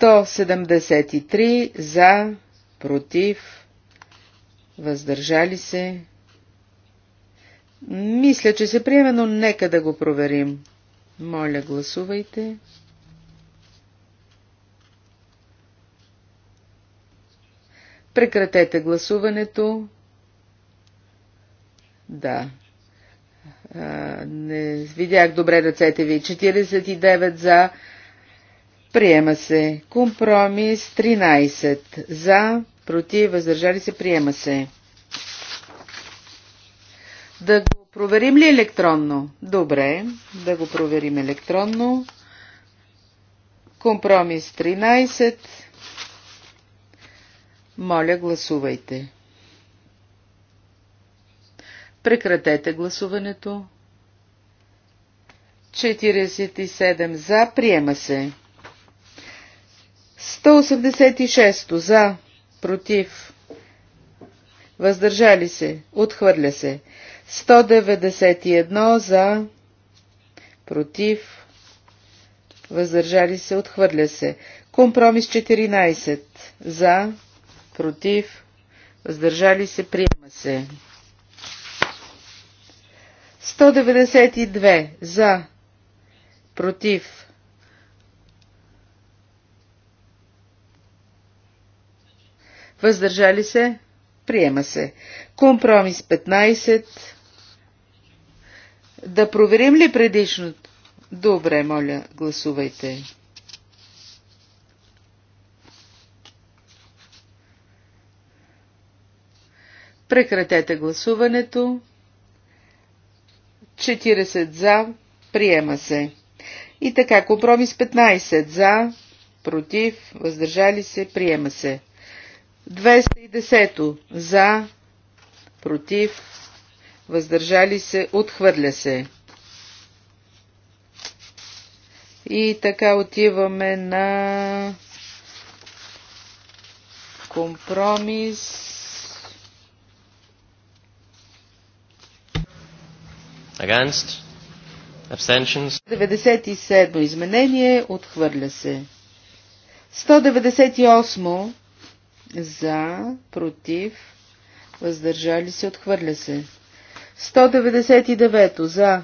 173 за против въздържали се. Мисля, че се приема, но нека да го проверим. Моля, гласувайте. Прекратете гласуването. Да. А, не видях добре ръцете ви. 49 за. Приема се. Компромис 13 за. Против. Въздържали се. Приема се. Да го проверим ли електронно? Добре. Да го проверим електронно. Компромис 13. Моля, гласувайте. Прекратете гласуването. 47 за. Приема се. 186 за. Против. Въздържали се. Отхвърля се. 191 за. Против. Въздържали се. Отхвърля се. Компромис 14 за против, въздържали се, приема се. 192 за, против, въздържали се, приема се. Компромис 15. Да проверим ли предишното? Добре, моля, гласувайте. Прекратете гласуването. 40 за. Приема се. И така, компромис 15 за, против, въздържали се, приема се. 210 за, против, въздържали се, отхвърля се. И така отиваме на компромис Against. Abstentions. 97 изменение отхвърля се. 198 за, против, въздържали се, отхвърля се. 199 за,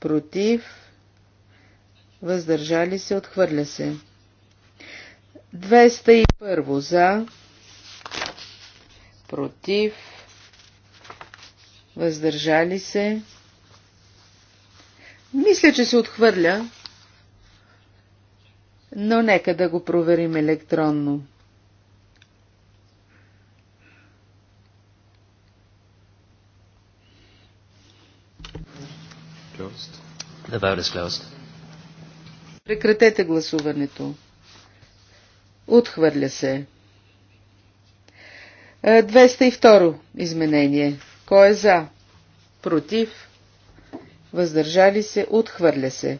против, въздържали се, отхвърля се. 201 за, против, въздържали се. Мисля, че се отхвърля, но нека да го проверим електронно. Прекратете гласуването. Отхвърля се. 202 изменение. Кой е за? Против? Въздържали се? Отхвърля се.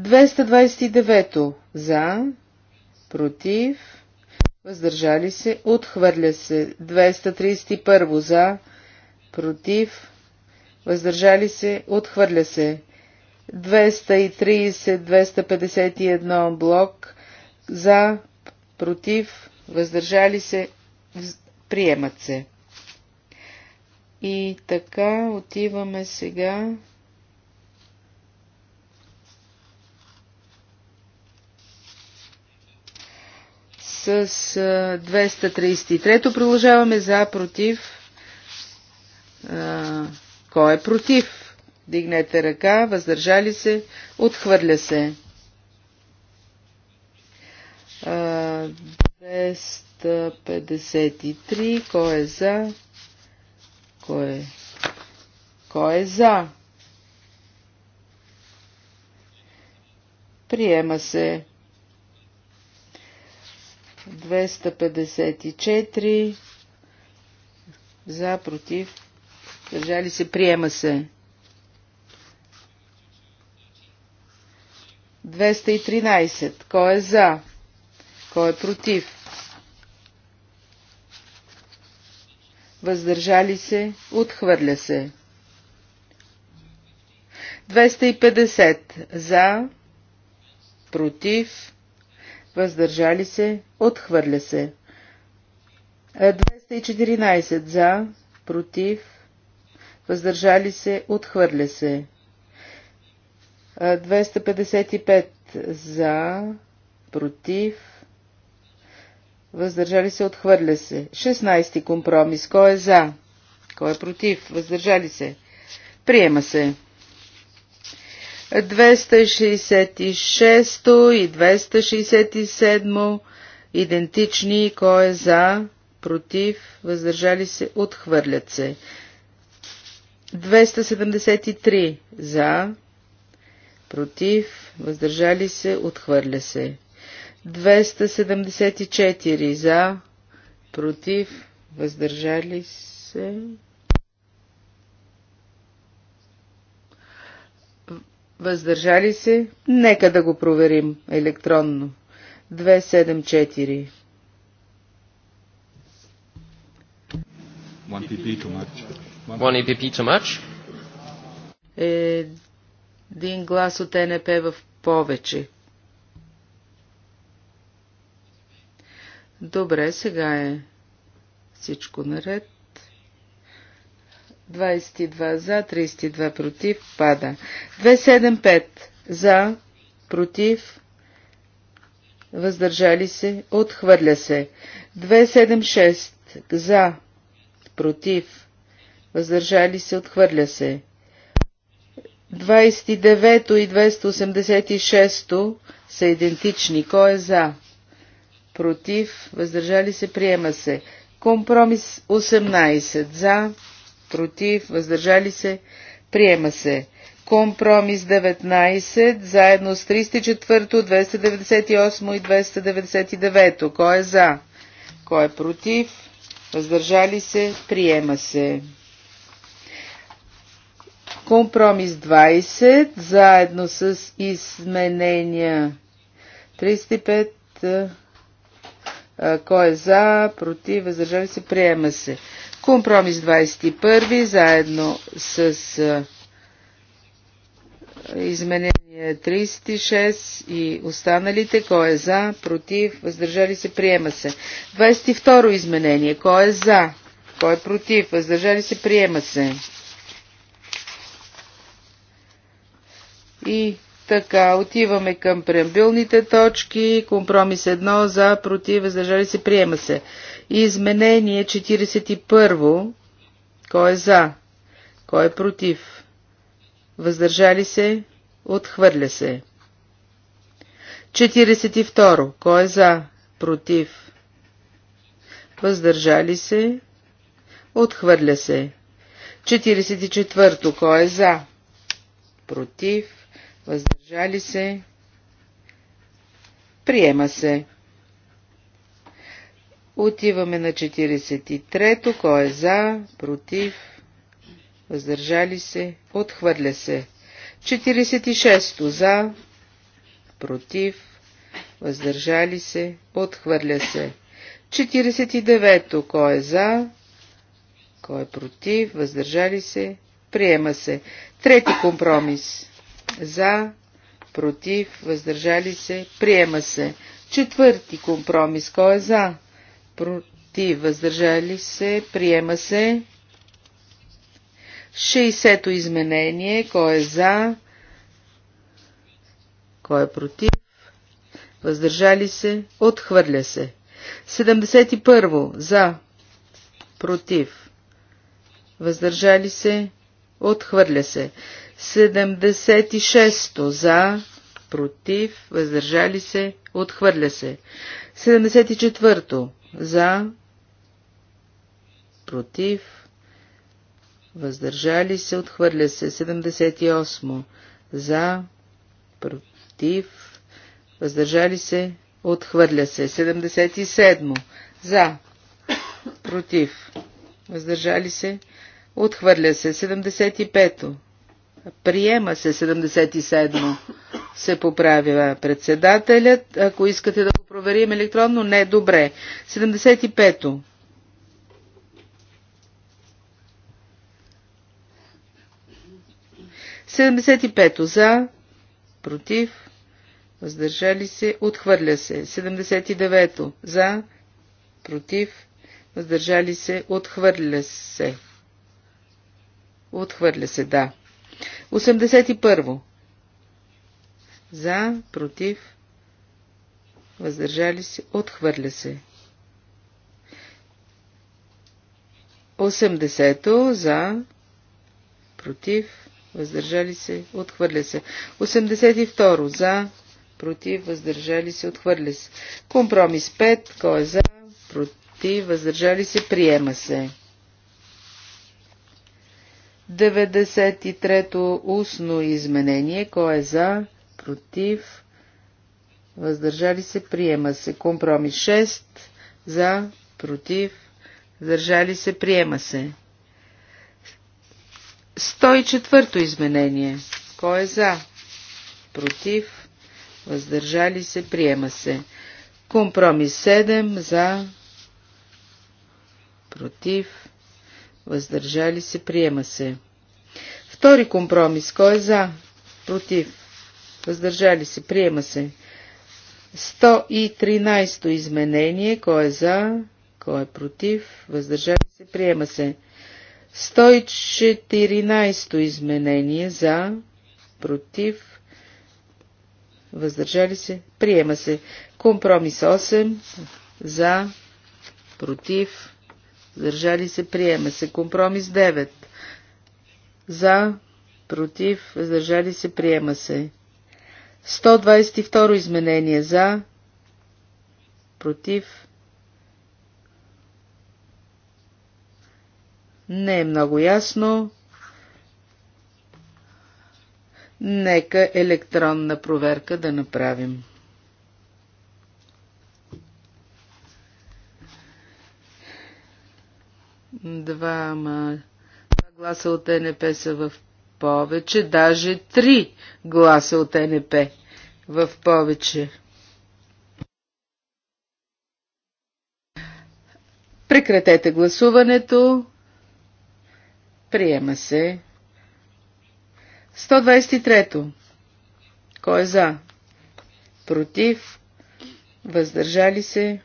229. За? Против? Въздържали се? Отхвърля се. 231. За? Против? Въздържали се? Отхвърля се. 230-251 блок. За? Против? Въздържали се? Приемат се. И така отиваме сега с 233-то продължаваме за, против. А, кой е против? Дигнете ръка, въздържали се, отхвърля се. А, 253, кой е за? Кой, е? кой е за? Приема се. 254 за, против, държали се, приема се. 213. Кой е за? Кой е против? въздържали се, отхвърля се. 250 за, против, въздържали се, отхвърля се. 214 за, против, въздържали се, отхвърля се. 255 за, против, въздържали се, отхвърля се. 16 компромис, кой е за, кой е против, въздържали се, приема се. 266 и 267 идентични, кой е за, против, въздържали се, отхвърлят се. 273 за, против, въздържали се, отхвърля се. 274 за, против, въздържали се. Въздържали се? Нека да го проверим електронно. 274. One PP too much. One EPP too much. Е, един глас от НП в повече. Добре, сега е всичко наред. 22 за, 32 против, пада. 275 за, против, въздържали се, отхвърля се. 276 за, против, въздържали се, отхвърля се. 29 и 286 са идентични. Кой е за? против, въздържали се, приема се. Компромис 18 за, против, въздържали се, приема се. Компромис 19, заедно с 304, 298 и 299. Кой е за? Кой е против? Въздържали се? Приема се. Компромис 20, заедно с изменения 35, кой е за, против, въздържали се, приема се. Компромис 21, заедно с изменение 36 и останалите. Кой е за, против, въздържали се, приема се. 22 изменение. Кой е за, кой е против, въздържали се, приема се. И така, отиваме към преамбилните точки. Компромис 1 за, против, въздържали се, приема се. Изменение 41. Кой е за? Кой е против? Въздържали се? Отхвърля се. 42. Кой е за? Против? Въздържали се? Отхвърля се. 44. Кой е за? Против? въздържали се, приема се. Отиваме на 43-то, кой е за, против, въздържали се, отхвърля се. 46-то за, против, въздържали се, отхвърля се. 49-то, кой е за, кой е против, въздържали се, приема се. Трети компромис. За, против, въздържали се, приема се. Четвърти компромис. Кой е за? Против, въздържали се, приема се. 60 изменение. Кой е за? Кой е против? Въздържали се, отхвърля се. 71 за, против, въздържали се, отхвърля се. 76 за, против, въздържали се, отхвърля се. 74 за, против, въздържали се, отхвърля се. 78 за, против, въздържали се, отхвърля се. 77 за, против, въздържали се, отхвърля се. 75 Приема се 77 се поправя председателят. Ако искате да го проверим електронно, не, добре. 75-то. Седемдесет за, против, въздържали се, отхвърля се. 79 за, против, въздържали се, отхвърля се. Отхвърля се, да. 81. За, против, въздържали се, отхвърля се. 80 за, против, въздържали се, отхвърля се. 82 за, против, въздържали се, отхвърля се. Компромис 5, кой е за, против, въздържали се, приема се. 93-то устно изменение. Кой е за? Против? Въздържали се? Приема се. Компромис 6. За? Против? Въздържали се? Приема се. 104-то изменение. Кой е за? Против? Въздържали се? Приема се. Компромис 7. За? Против? въздържали се, приема се. Втори компромис, кой е за, против, въздържали се, приема се. 113 изменение, кой е за, кой е против, въздържали се, приема се. 114 изменение за, против, въздържали се, приема се. Компромис 8 за, против, въздържали се, приема се. Компромис 9. За, против, въздържали се, приема се. 122 изменение за, против. Не е много ясно. Нека електронна проверка да направим. Два, гласа от НП са в повече, даже три гласа от НП в повече. Прекратете гласуването. Приема се. 123-то. Кой е за? Против? Въздържали се?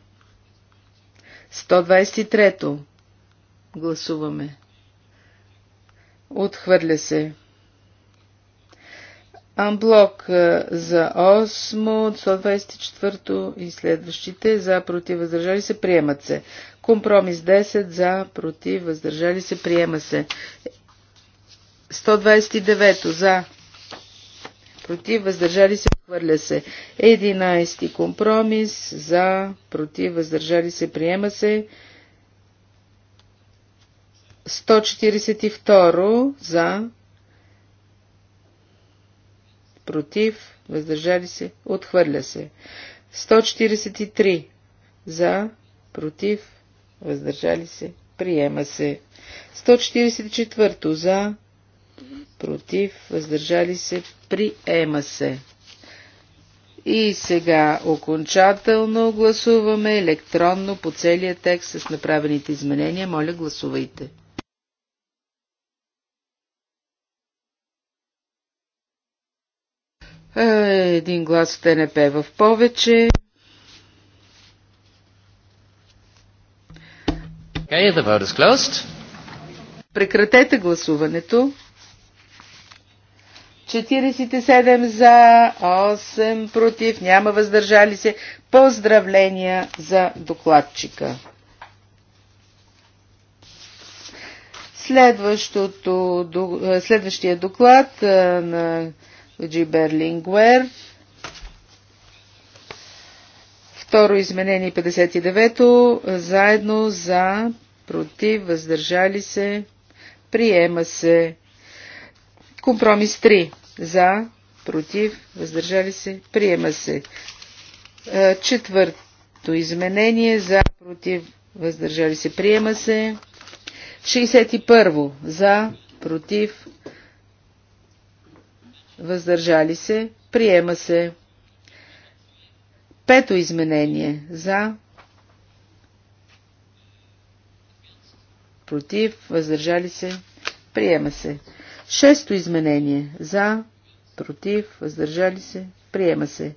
123-то. Гласуваме. Отхвърля се. Амблок за 8, 124 и следващите за против въздържали се приемат се. Компромис 10 за против въздържали се приема се. 129 за против въздържали се отхвърля се. 11 компромис за против въздържали се приема се. 142 за, против, въздържали се, отхвърля се. 143 за, против, въздържали се, приема се. 144 за, против, въздържали се, приема се. И сега окончателно гласуваме електронно по целия текст с направените изменения. Моля, гласувайте. Е, един глас от НП в повече. Okay, the vote is closed. Прекратете гласуването. 47 за, 8 против, няма въздържали се. Поздравления за докладчика. Следващото, следващия доклад е, на Luigi Берлингуер. Второ изменение 59-то, заедно за, против, въздържали се, приема се. Компромис 3, за, против, въздържали се, приема се. Е, четвърто изменение, за, против, въздържали се, приема се. 61 за, против, въздържали се, приема се. Пето изменение за, против, въздържали се, приема се. Шесто изменение за, против, въздържали се, приема се.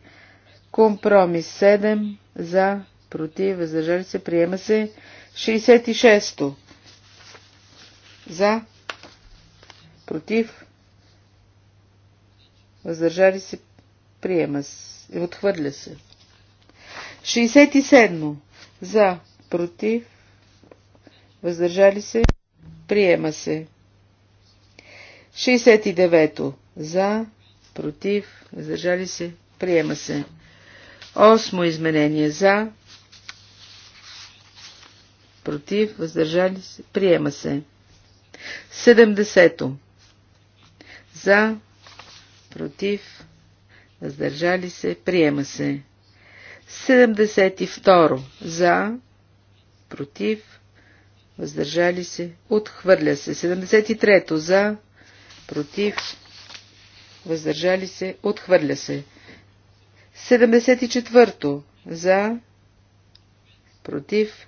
Компромис 7 за, против, въздържали се, приема се. 66 за, против, Въздържали се. Приема се. Отхвърля се. 67. За. Против. Въздържали се. Приема се. 69. За. Против. Въздържали се. Приема се. Осмо изменение. За. Против. Въздържали се. Приема се. 70. За против, въздържали се, приема се. 72. За, против, въздържали се, отхвърля се. 73. За, против, въздържали се, отхвърля се. 74. За, против,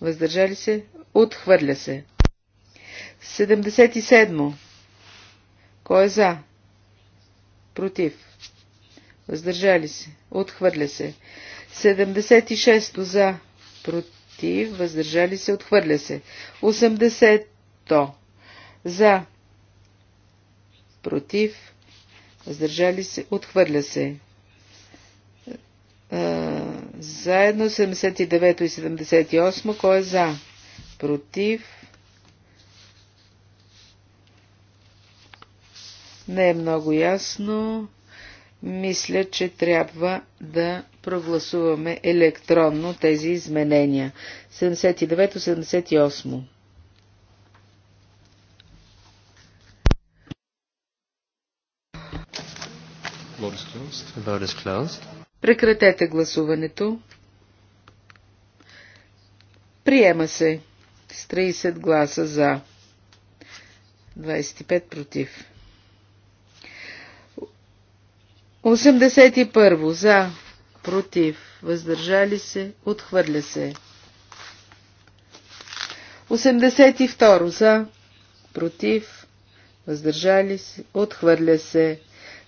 въздържали се, отхвърля се. 77. Кой е за? Против. Въздържали се. Отхвърля се. 76 за. Против. Въздържали се. Отхвърля се. 80-то. За. Против. Въздържали се. Отхвърля се. Заедно 79 и 78. Кой е за? Против не е много ясно. Мисля, че трябва да прогласуваме електронно тези изменения. 79-78. Прекратете гласуването. Приема се с 30 гласа за, 25 против. 81. За. Против. Въздържали се. Отхвърля се. 82. За. Против. Въздържали се. Отхвърля се.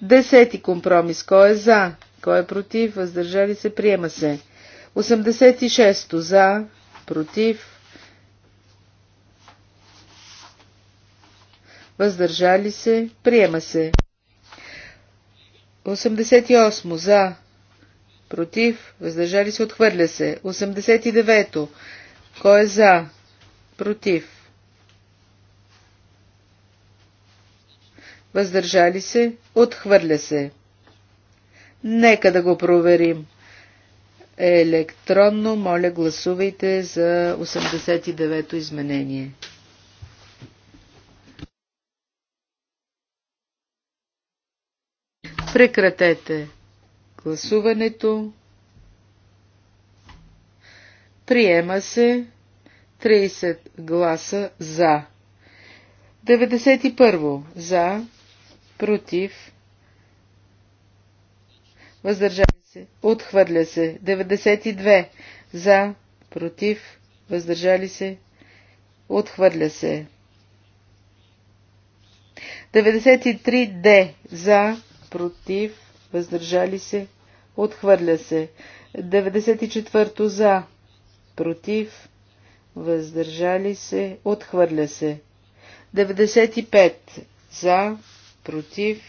Десети компромис. Кой е за? Кой е против? Въздържали се. Приема се. 86. За. Против. Въздържали се. Приема се. 88 за, против, въздържали се, отхвърля се. 89 кой е за, против, въздържали се, отхвърля се. Нека да го проверим. Електронно, моля, гласувайте за 89-то изменение. Прекратете гласуването. Приема се 30 гласа за. 91 за, против, въздържали се, отхвърля се. 92 за, против, въздържали се, отхвърля се. 93 Д за, против, въздържали се, отхвърля се. 94 за, против, въздържали се, отхвърля се. 95 за, против,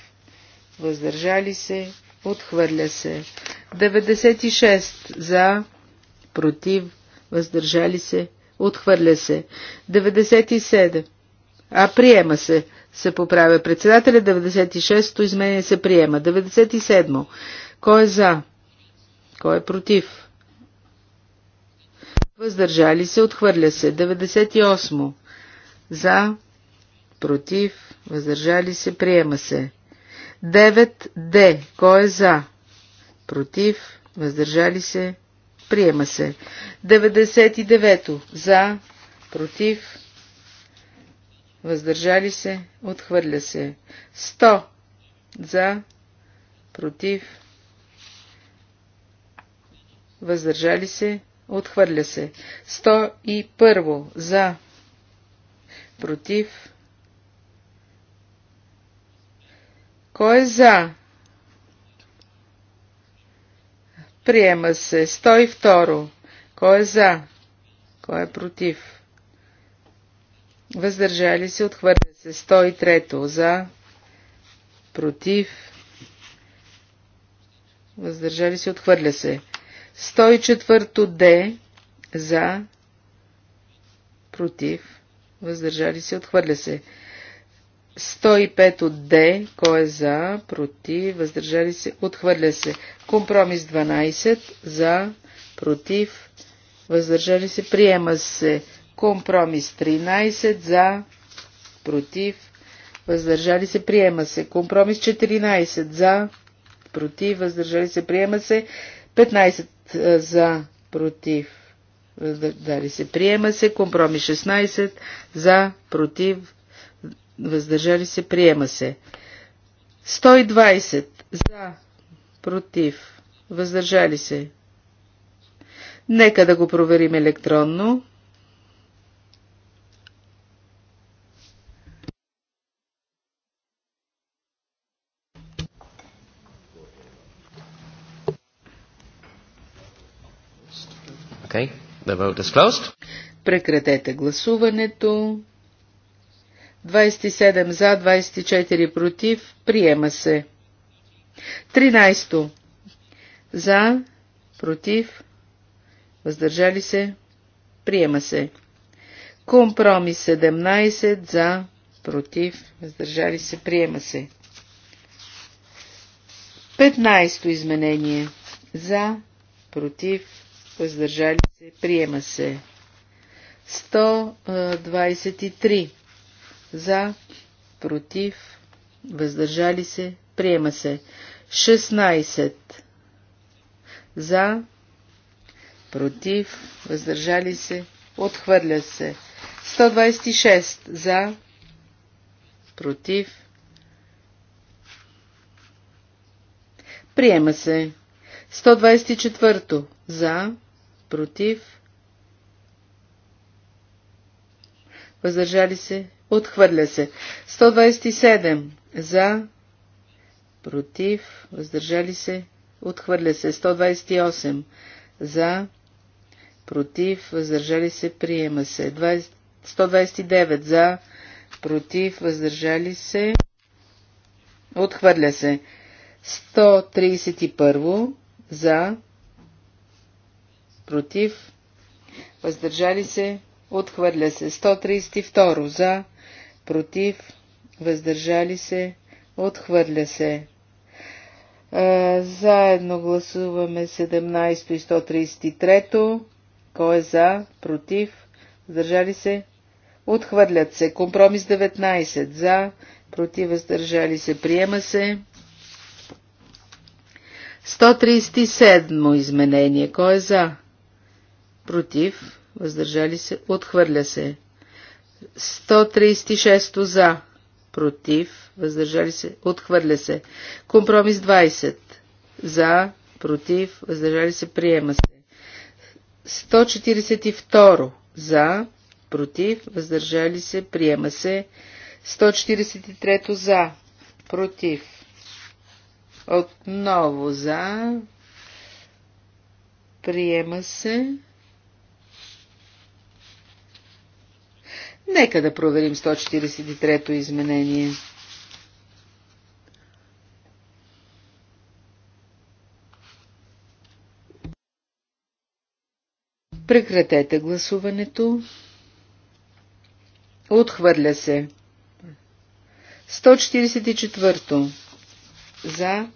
въздържали се, отхвърля се. 96 за, против, въздържали се, отхвърля се. 97. А приема се се поправя председателя. 96-то изменение се приема. 97-мо. Кой е за? Кой е против? Въздържали се, отхвърля се. 98-мо. За, против, въздържали се, приема се. 9 д Кой е за? Против, въздържали се, приема се. 99-то. За, против, въздържали се, отхвърля се. 100 за, против, въздържали се, отхвърля се. 101 за, против. Кой е за? Приема се. 102. Кой е за? Кой е против? въздържали се, отхвърля се 103 за, против, въздържали се, отхвърля се 104 Д за, против, въздържали се, отхвърля се 105 от Д, кой е за, против, въздържали се, отхвърля се. Компромис 12, за, против, въздържали се, приема се. Компромис 13 за, против, въздържали се, приема се. Компромис 14 за, против, въздържали се, приема се. 15 е, за, против, въздържали се, приема се. Компромис 16 за, против, въздържали се, приема се. 120 за, против, въздържали се. Нека да го проверим електронно. Okay. The vote is closed. Прекратете гласуването. 27 за, 24 против. Приема се. 13. За, против, въздържали се. Приема се. Компромис 17 за, против, въздържали се. Приема се. 15 изменение. За, против, въздържали се, приема се. 123 за, против, въздържали се, приема се. 16 за, против, въздържали се, отхвърля се. 126 за, против, приема се. 124 за, против, въздържали се, отхвърля се. 127 за, против, въздържали се, отхвърля се. 128 за, против, въздържали се, приема се. 20... 129 за, против, въздържали се, отхвърля се. 131 за, против, въздържали се, отхвърля се. 132 за, против, въздържали се, отхвърля се. Заедно гласуваме 17 и 133. Кой е за? Против? Въздържали се? Отхвърлят се. Компромис 19. За? Против? Въздържали се? Приема се. 137 изменение. Кой е за? против, въздържали се, отхвърля се. 136 за, против, въздържали се, отхвърля се. Компромис 20 за, против, въздържали се, приема се. 142 за, против, въздържали се, приема се. 143 за, против, отново за, приема се. Нека да проверим 143-то изменение. Прекратете гласуването. Отхвърля се. 144. За.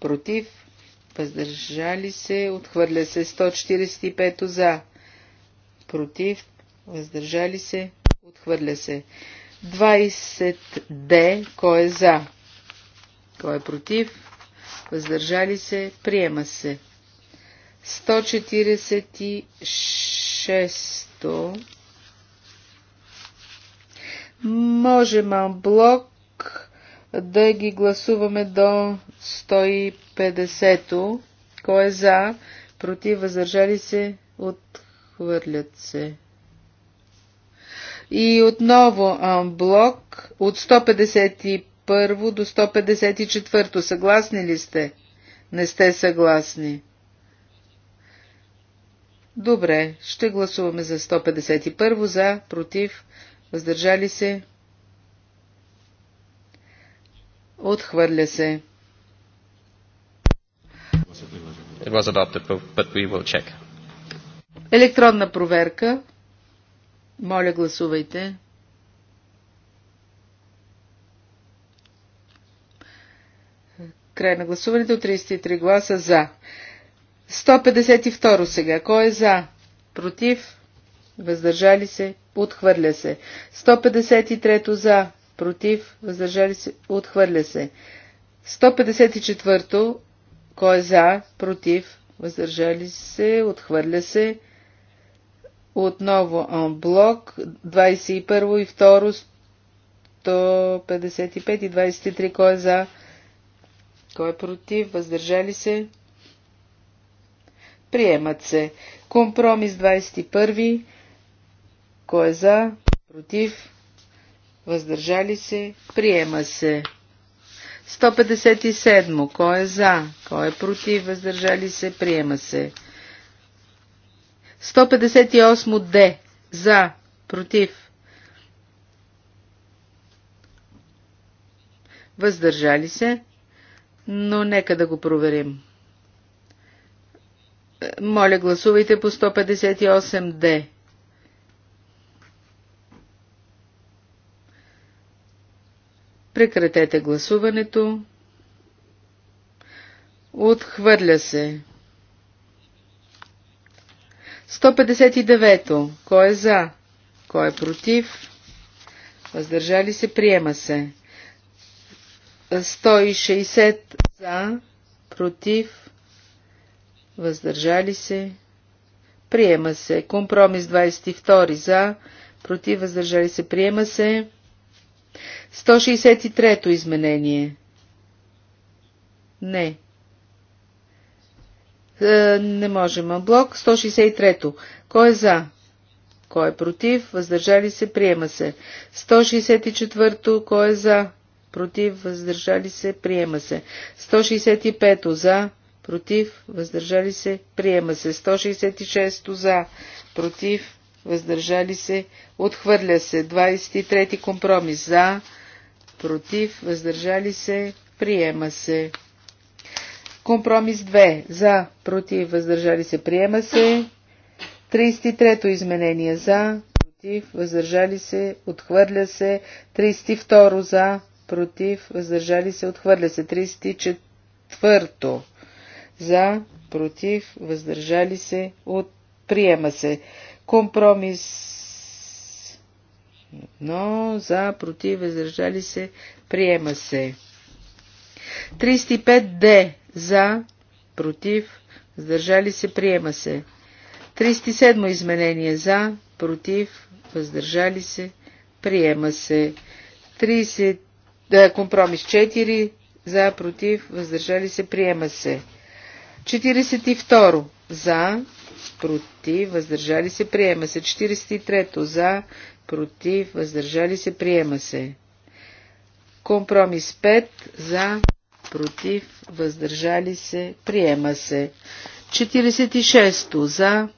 Против. Въздържали се. Отхвърля се. 145. За. Против въздържали се, отхвърля се. 20 Д, кой е за, кой е против, въздържали се, приема се. 146 Можем блок да ги гласуваме до 150-то. Кой е за? Против въздържали се? Отхвърлят се. И отново блок от 151 до 154. Съгласни ли сте? Не сте съгласни. Добре, ще гласуваме за 151 за, против, въздържали се. Отхвърля се. Електронна проверка. Моля, гласувайте. Край на гласуването 33 гласа за. 152 сега. Кой е за? Против? Въздържали се? Отхвърля се. 153 за. Против? Въздържали се? Отхвърля се. 154 кой е за? Против? Въздържали се? Отхвърля се. Отново блок 21 и 2, 155 и 23. Кой е за? Кой е против? Въздържали се? Приемат се. Компромис 21. Кой е за? Против? Въздържали се? Приема се. 157. Кой е за? Кой е против? Въздържали се? Приема се. 158 Д. За. Против. Въздържали се, но нека да го проверим. Е, моля, гласувайте по 158 Д. Прекратете гласуването. Отхвърля се. 159. Кой е за? Кой е против? Въздържали се, приема се. 160 за, против, въздържали се, приема се. Компромис 22 за, против, въздържали се, приема се. 163 изменение. Не. Е, не можем. Блок 163 Кой е за? Кой е против? Въздържали се? Приема се. 164 Кой е за? Против? Въздържали се? Приема се. 165-то. За? Против? Въздържали се? Приема се. 166 За? Против? Въздържали се? Отхвърля се. 23 компромис. За? Против? Въздържали се? Приема се. Компромис 2. За, против, въздържали се, приема се. 33-то изменение за, против, въздържали се, отхвърля се. 32 за, против, въздържали се, отхвърля се. 34 за, против, въздържали се, от... приема се. Компромис но за, против, въздържали се, приема се. 35 де. За, против, въздържали се, приема се. 37 изменение за, против, въздържали се, приема се. 30, да, компромис 4, за, против, въздържали се, приема се. 42 за, против, въздържали се, приема се. 43 за, против, въздържали се, приема се. Компромис 5 за, против, въздържали се, приема се. 46-то за,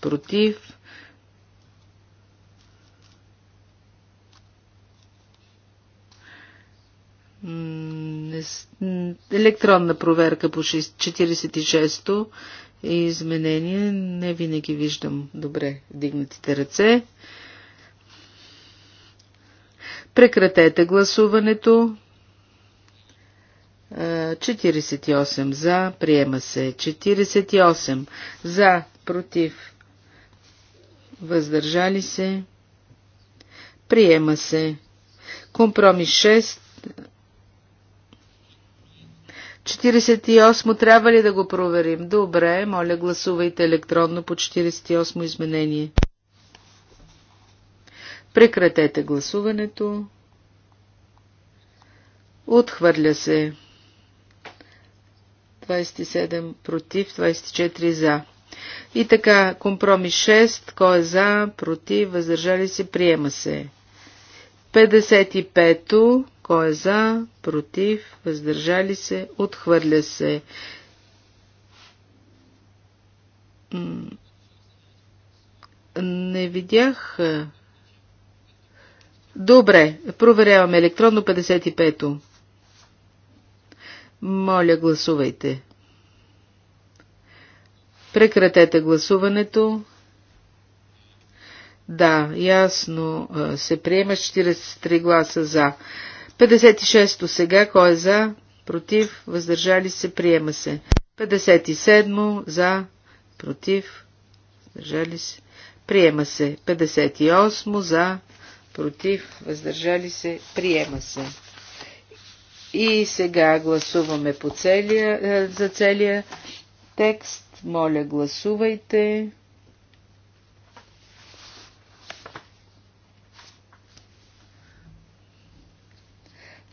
против, електронна проверка по 46-то и изменение. Не винаги виждам добре вдигнатите ръце. Прекратете гласуването. 48 за, приема се. 48 за, против, въздържали се, приема се. Компромис 6. 48 трябва ли да го проверим? Добре, моля гласувайте електронно по 48 изменение. Прекратете гласуването. Отхвърля се. 27 против, 24 за. И така, компромис 6, кой е за, против, въздържали се, приема се. 55-то, кой е за, против, въздържали се, отхвърля се. Не видях. Добре, проверяваме електронно 55-то. Моля, гласувайте. Прекратете гласуването. Да, ясно се приема 43 гласа за. 56-то сега, кой е за? Против, въздържали се, приема се. 57-мо за, против, въздържали се, приема се. 58-мо за, против, въздържали се, приема се. И сега гласуваме по целия, е, за целия текст. Моля, гласувайте.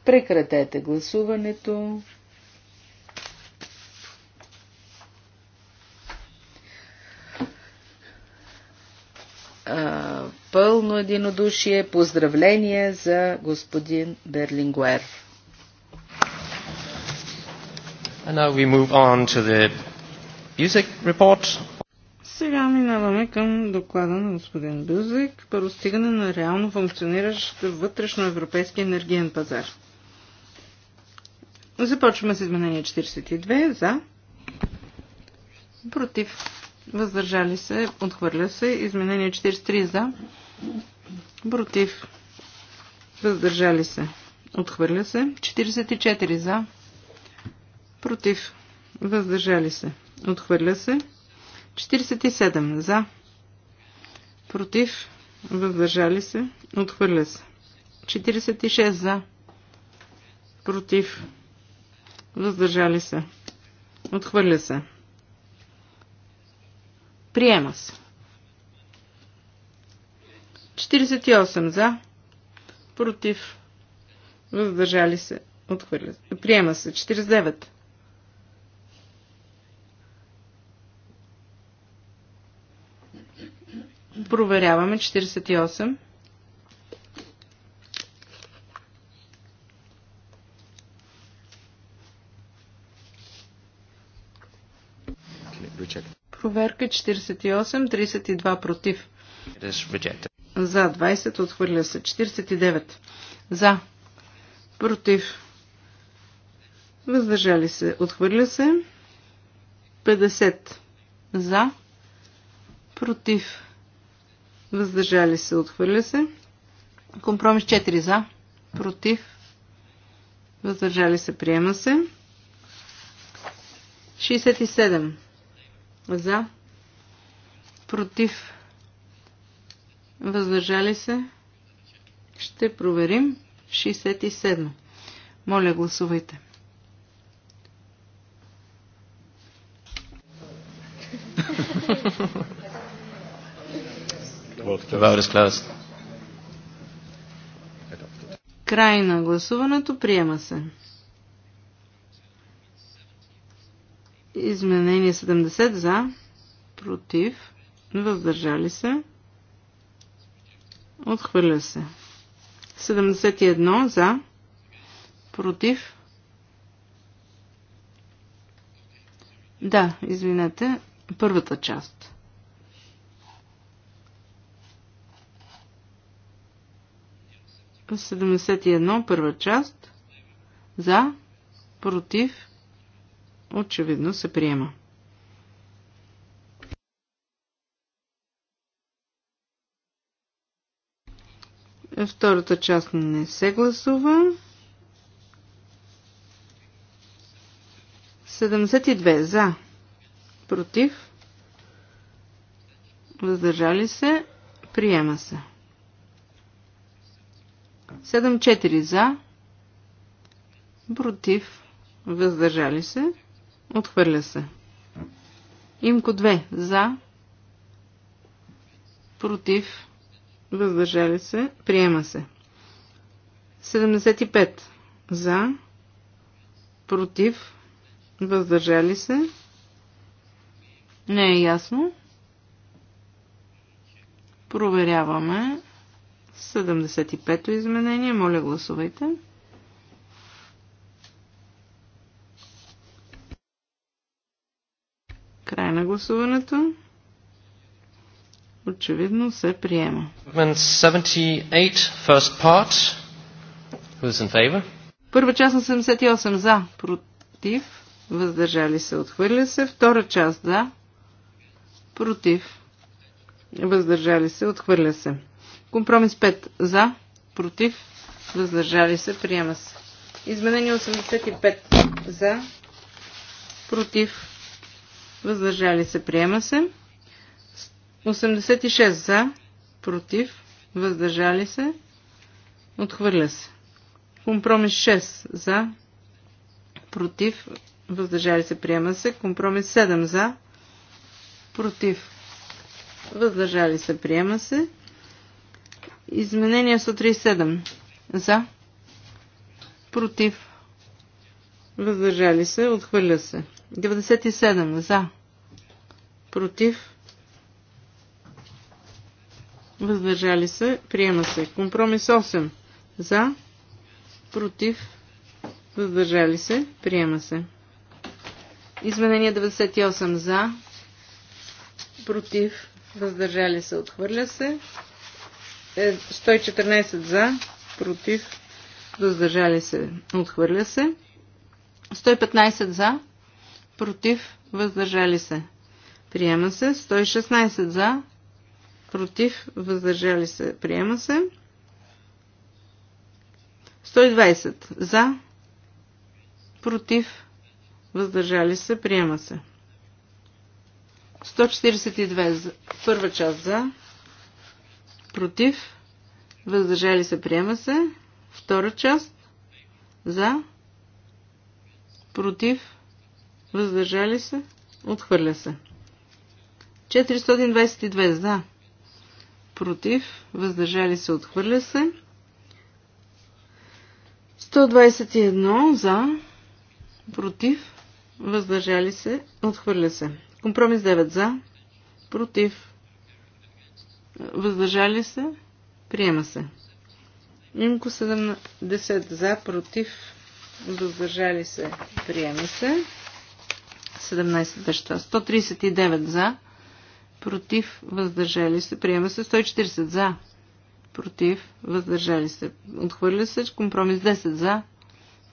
Прекратете гласуването. пълно единодушие. Поздравление за господин Берлингуер now we move on to the music report. Сега минаваме към доклада на господин Бюзик, първо стигане на реално функциониращ вътрешно европейски енергиен пазар. Започваме с изменение 42 за против въздържали се, отхвърля се, изменение 43 за против въздържали се, отхвърля се, 44 за против, въздържали се, отхвърля се. 47 за, против, въздържали се, отхвърля се. 46 за, против, въздържали се, отхвърля се. Приема се. 48 за, против, въздържали се, отхвърля се. Приема се. 49 Проверяваме 48. Проверка 48, 32 против. За 20 отхвърля се. 49. За. Против. Въздържали се. Отхвърля се. 50. За. Против въздържали се, отхвърля се. Компромис 4 за, против, въздържали се, приема се. 67 за, против, въздържали се. Ще проверим 67. Моля, гласувайте. Ha ha ha. Край на гласуването. Приема се. Изменение 70 за, против, въздържали се, отхвърля се. 71 за, против, да, извинете, първата част. 71, първа част. За, против, очевидно се приема. Втората част не се гласува. 72 за, против, въздържали се, приема се. 7-4 за, против, въздържали се, отхвърля се. Имко 2 за, против, въздържали се, приема се. 75 за, против, въздържали се, не е ясно. Проверяваме. 75-то изменение. Моля, гласувайте. Край на гласуването. Очевидно се приема. 78, first part. Who's in favor? Първа част на 78 за, против, въздържали се, отхвърля се. Втора част за, против, въздържали се, отхвърля се. Компромис 5 за, против, въздържали се, приема се. Изменение 85 за, против, въздържали се, приема се. 86 за, против, въздържали се, отхвърля се. Компромис 6 за, против, въздържали се, приема се. Компромис 7 за, против, въздържали се, приема се. Изменение 137. За. Против. Въздържали се. Отхвърля се. 97. За. Против. Въздържали се. Приема се. Компромис 8. За. Против. Въздържали се. Приема се. Изменение 98. За. Против. Въздържали се. Отхвърля се. 114 е, за, против, въздържали се, отхвърля се. 115 за, против, въздържали се. Приема се. 116 за, против, въздържали се. Приема се. 120 за, против, въздържали се. Приема се. 142 за, първа част за, против, въздържали се, приема се. Втора част, за, против, въздържали се, отхвърля се. 422 за, против, въздържали се, отхвърля се. 121 за, против, въздържали се, отхвърля се. Компромис 9 за, против, въздържали се, приема се. Имко 70 за, против, въздържали се, приема се. 17 дъща. 139 за, против, въздържали се, приема се. 140 за, против, въздържали се, отхвърля се. Компромис 10 за,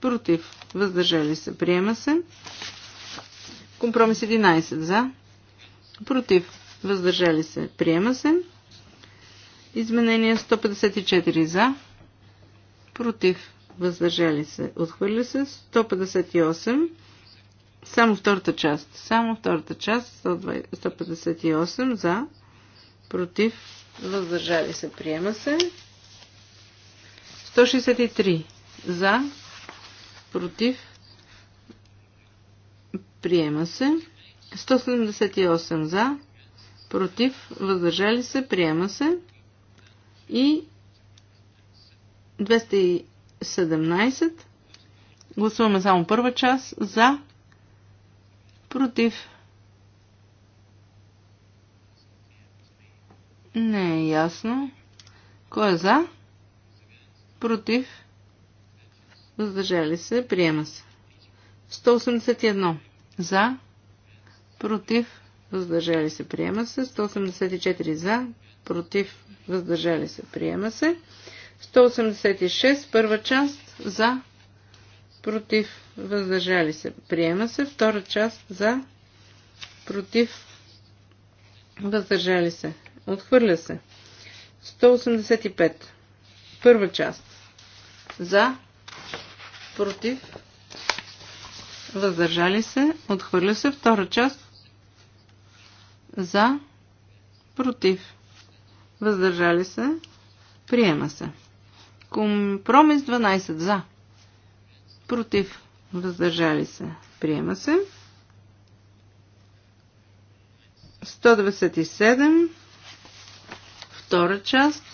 против, въздържали се, приема се. Компромис 11 за, против, въздържали се, приема се. Изменение 154 за, против, въздържали се, отхвърля се. 158, само втората част, само втората част, 158 за, против, въздържали се, приема се. 163 за, против, приема се. 178 за, против, въздържали се, приема се и 217. Гласуваме само първа част за, против. Не е ясно. Кой е за? Против. Въздържали се. Приема се. 181. За. Против. Въздържали се. Приема се. 184 за против, въздържали се, приема се. 186, първа част, за, против, въздържали се, приема се. Втора част, за, против, въздържали се, отхвърля се. 185, първа част, за, против, въздържали се, отхвърля се. Втора част, за, против, въздържали се, приема се. Компромис 12 за, против, въздържали се, приема се. 197, втора част.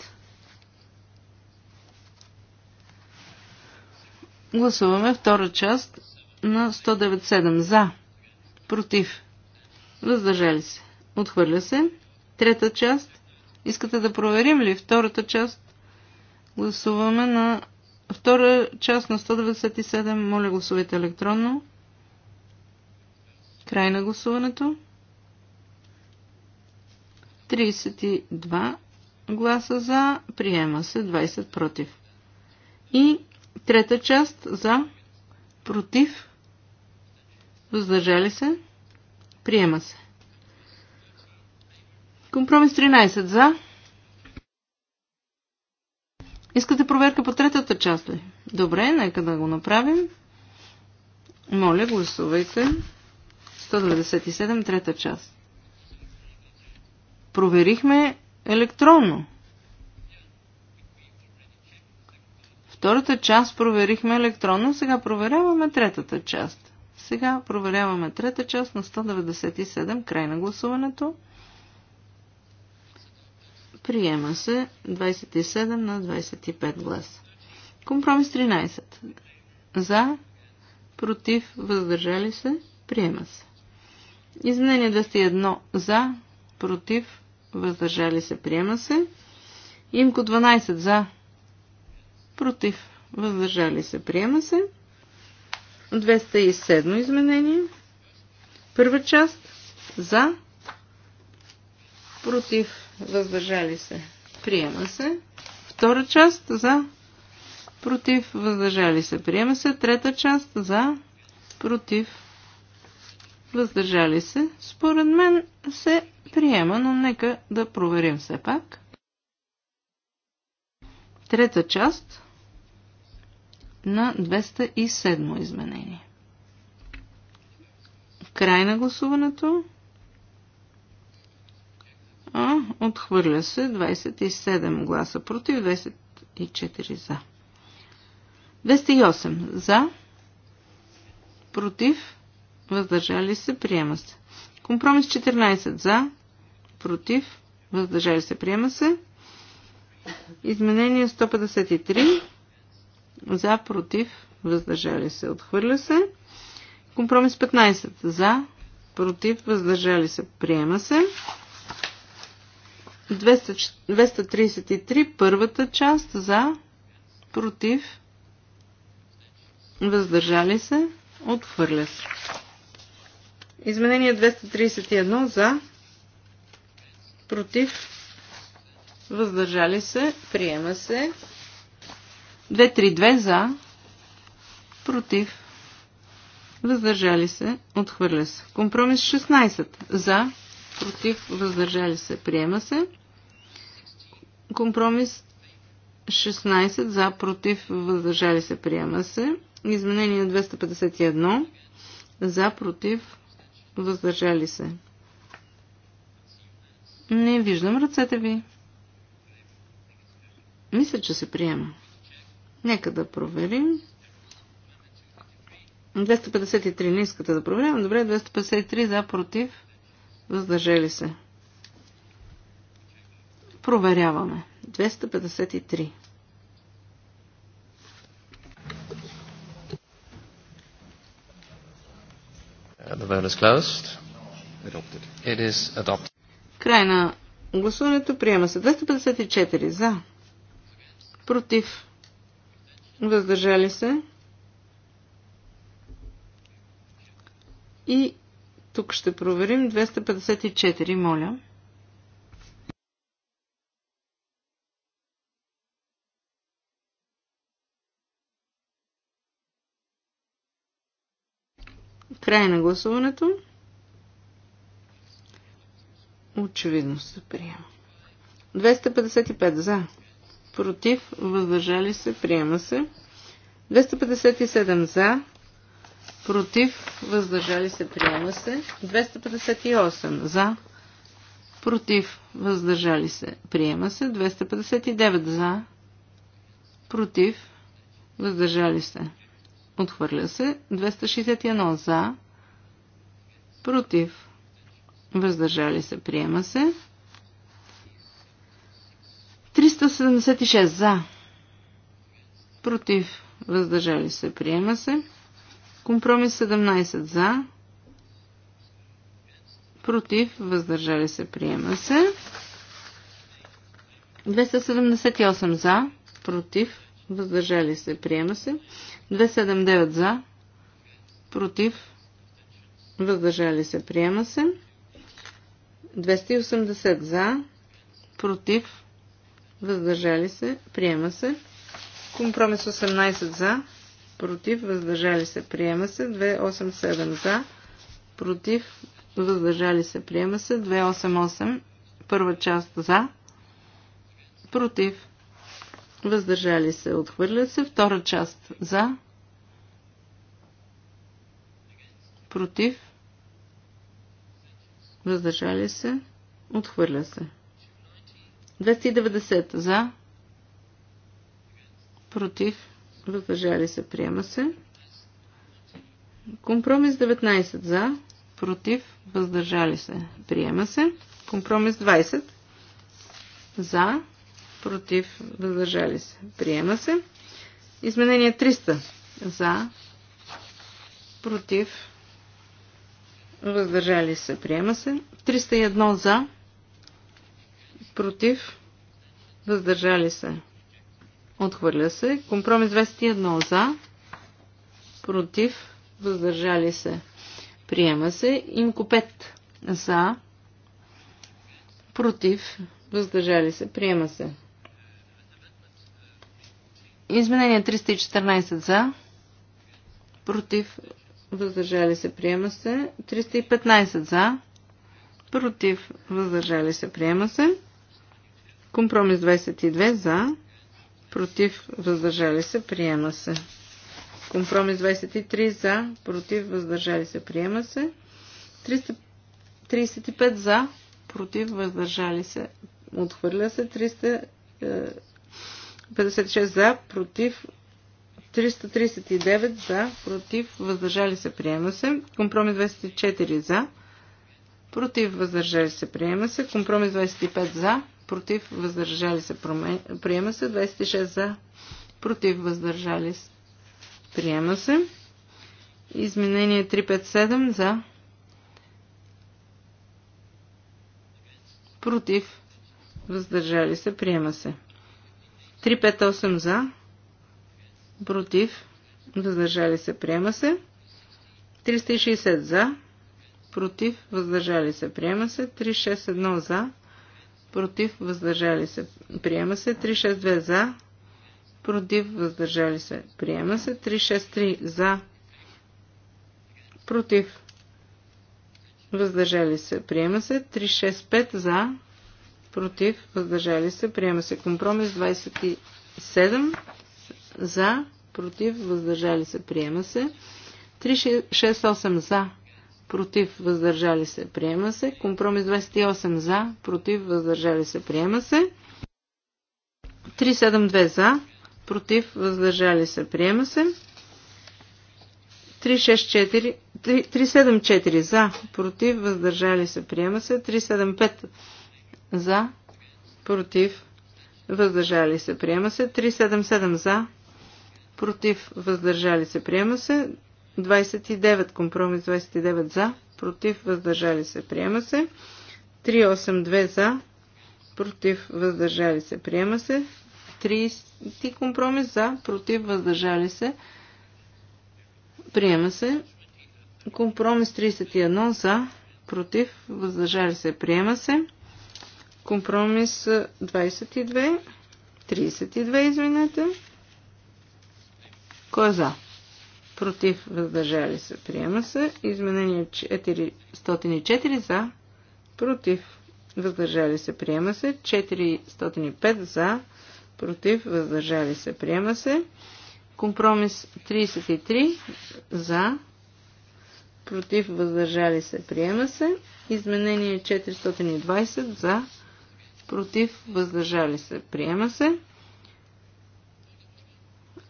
Гласуваме втора част на 197 за, против, въздържали се, отхвърля се. Трета част Искате да проверим ли втората част? Гласуваме на втора част на 197. Моля гласувайте електронно. Край на гласуването. 32 гласа за, приема се 20 против. И трета част за, против, въздържали се, приема се. Компромис 13 за. Искате проверка по третата част ли? Добре, нека да го направим. Моля, гласувайте. 197, трета част. Проверихме електронно. Втората част проверихме електронно, сега проверяваме третата част. Сега проверяваме трета част на 197, край на гласуването. Приема се 27 на 25 гласа. Компромис 13. За, против, въздържали се, приема се. Изменение 201 за, против, въздържали се, приема се. Имко 12 за, против, въздържали се, приема се. 207 изменение. Първа част за, против, въздържали се, приема се. Втора част за, против, въздържали се, приема се. Трета част за, против, въздържали се. Според мен се приема, но нека да проверим все пак. Трета част на 207 изменение. Край на гласуването а, отхвърля се 27 гласа против, 24 за. 208 за, против, въздържали се, приема се. Компромис 14 за, против, въздържали се, приема се. Изменение 153 за, против, въздържали се, отхвърля се. Компромис 15 за, против, въздържали се, приема се. 233, първата част за, против, въздържали се, отхвърля се. Изменение 231 за, против, въздържали се, приема се. 232 за, против, въздържали се, отхвърля се. Компромис 16 за, против, против, въздържали се, приема се. Компромис 16 за, против, въздържали се, приема се. Изменение 251 за, против, въздържали се. Не виждам ръцете ви. Мисля, че се приема. Нека да проверим. 253 не искате да проверявам. Добре, 253 за, против, Въздържали се. Проверяваме. 253. The vote is closed. Adopted. It is adopted. Край на гласуването приема се 254 за, против, въздържали се и тук ще проверим 254, моля. Край на гласуването. Очевидно се приема. 255 за. Против. Въздържали се. Приема се. 257 за против, въздържали се, приема се. 258 за, против, въздържали се, приема се. 259 за, против, въздържали се, отхвърля се. 261 за, против, въздържали се, приема се. 376 за, против, въздържали се, приема се. Компромис 17 за. Против, въздържали се, приема се. 278 за. Против, въздържали се, приема се. 279 за. Против, въздържали се, приема се. 280 за. Против, въздържали се, приема се. Компромис 18 за против, въздържали се, приема се. 287 за, против, въздържали се, приема се. 288, първа част за, против, въздържали се, отхвърля се. Втора част за, против, въздържали се, отхвърля се. 290 за, против, въздържали се, приема се. Компромис 19 за, против, въздържали се, приема се. Компромис 20 за, против, въздържали се, приема се. Изменение 300 за, против, въздържали се, приема се. 301 за, против, въздържали се, Отхвърля се. Компромис 21 за. Против. Въздържали се. Приема се. Имко 5 за. Против. Въздържали се. Приема се. Изменение 314 за. Против. Въздържали се. Приема се. 315 за. Против. Въздържали се. Приема се. Компромис 22 за против, въздържали се, приема се. Компромис 23 за, против, въздържали се, приема се. 35 за, против, въздържали се, отхвърля се. 356 е, за, против, 339 за, против, въздържали се, приема се. Компромис 24 за, против, въздържали се, приема се. Компромис 25 за, против, въздържали се, приема се. 26 за, против, въздържали се, приема се. Изменение 357 за, против, въздържали се, приема се. 358 за, против, въздържали се, приема се. 360 за, против, въздържали се, приема се. 361 за, против, въздържали се, приема се. 362 за, против, въздържали се, приема се. 363 за, против, въздържали се, приема се. 365 за, против, въздържали се, приема се. Компромис 27 за, против, въздържали се, приема се. 368 за, против, въздържали се, приема се. Компромис 28 за, против, въздържали се, приема се. 372 за, против, въздържали се, приема се. 364, 374 за, против, въздържали се, приема се. 375 за, против, въздържали се, приема се. 377 за, против, въздържали се, приема се. 29, компромис 29 за, против, въздържали се, приема се. 382 за, против, въздържали се, приема се. 30 компромис за, против, въздържали се, приема се. Компромис 31 за, против, въздържали се, приема се. Компромис 22, 32, извинете. Кой е за? против, въздържали се, приема се. Изменение 404 за, против, въздържали се, приема се. 405 за, против, въздържали се, приема се. Компромис 33 за, против, въздържали се, приема се. Изменение 420 за, против, въздържали се, приема се.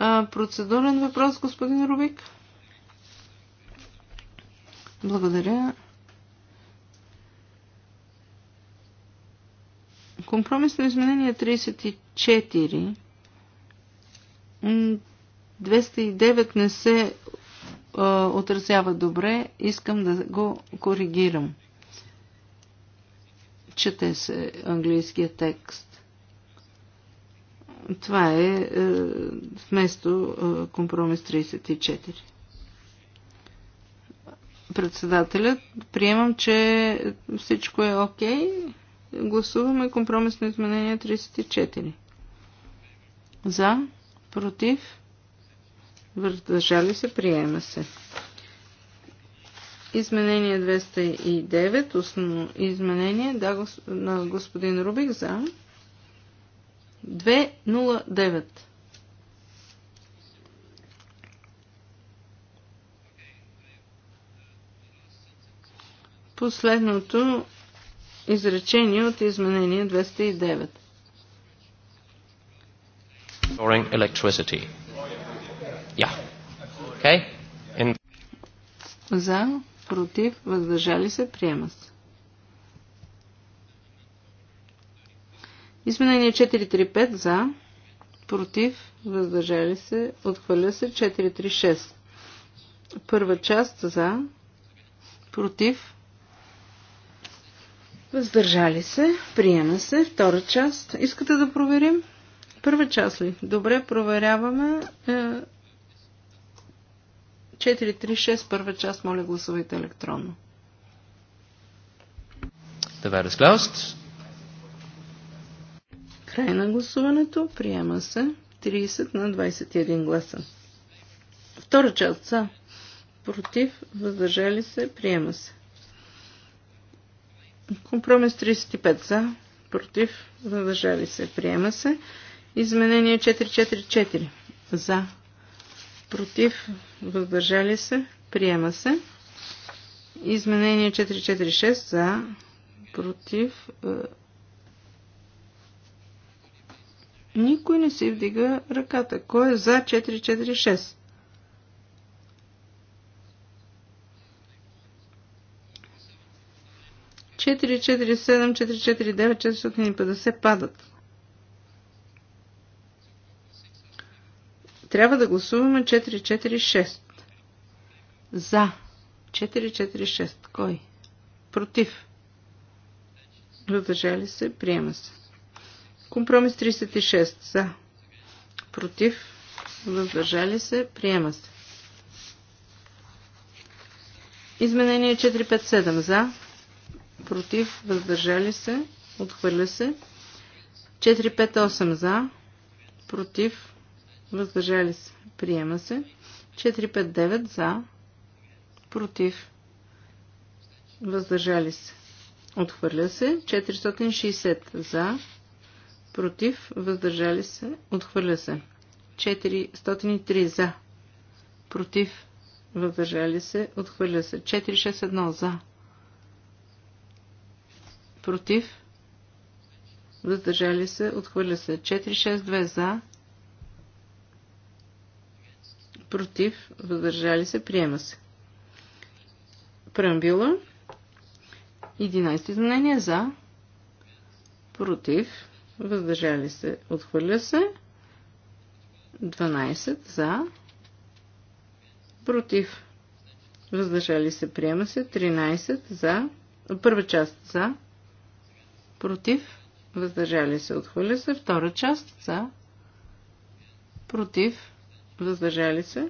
А, процедурен въпрос, господин Рубик. Благодаря. Компромисно изменение 34. 209 не се а, отразява добре. Искам да го коригирам. Чете се английския текст. Това е, е вместо е, компромис 34. Председателят, приемам, че всичко е окей. Okay. Гласуваме компромисно изменение 34. За, против, въздържали се, приема се. Изменение 209, основно изменение да, на господин Рубик за 209. Последното изречение от изменение 209. electricity. Yeah. Okay? In... За, против, въздържали се, приема се. Изменение 435 за, против, въздържали се, отхвърля се 436. Първа част за, против, въздържали се, приема се. Втора част, искате да проверим? Първа част ли? Добре, проверяваме. 436, е, първа част, моля гласувайте електронно. The vote Край на гласуването. Приема се 30 на 21 гласа. Втора част за. Против. Въздържали се. Приема се. Компромис 35 за. Против. Въздържали се. Приема се. Изменение 444 за. Против. Въздържали се. Приема се. Изменение 446 за. Против. Въздържали се Никой не си вдига ръката. Кой е за 446? Четири, четири, седем, четири, четири, девет, четиристотин падат. Трябва да гласуваме 446. За. 446. Кой? Против. Въздържали се. Приема се. Компромис 36 за. Против. Въздържали се. Приема се. Изменение 457 за. Против. Въздържали се. Отхвърля се. 458 за. Против. Въздържали се. Приема се. 459 за. Против. Въздържали се. Отхвърля се. 460 за против, въздържали се, отхвърля се. 403 за, против, въздържали се, отхвърля се. 461 за, против, въздържали се, отхвърля се. 462 за, против, въздържали се, приема се. Преамбюла. 11 изменения за, против, въздържали се, отхвърля се. 12 за, против, въздържали се, приема се. 13 за, първа част за, против, въздържали се, отхвърля се. Втора част за, против, въздържали се,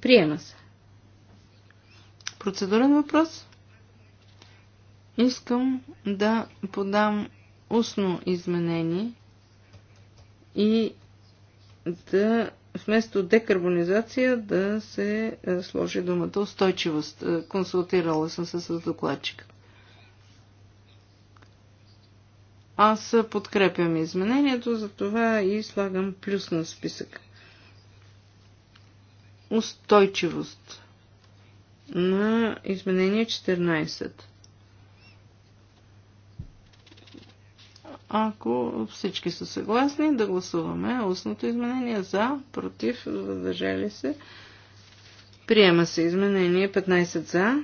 приема се. Процедурен въпрос? Искам да подам устно изменение и да вместо декарбонизация да се е, сложи думата устойчивост. Е, консултирала съм се с докладчик. Аз подкрепям изменението, затова и слагам плюс на списък. Устойчивост на изменение 14. Ако всички са съгласни, да гласуваме устното изменение за, против, въздържали се. Приема се изменение 15 за,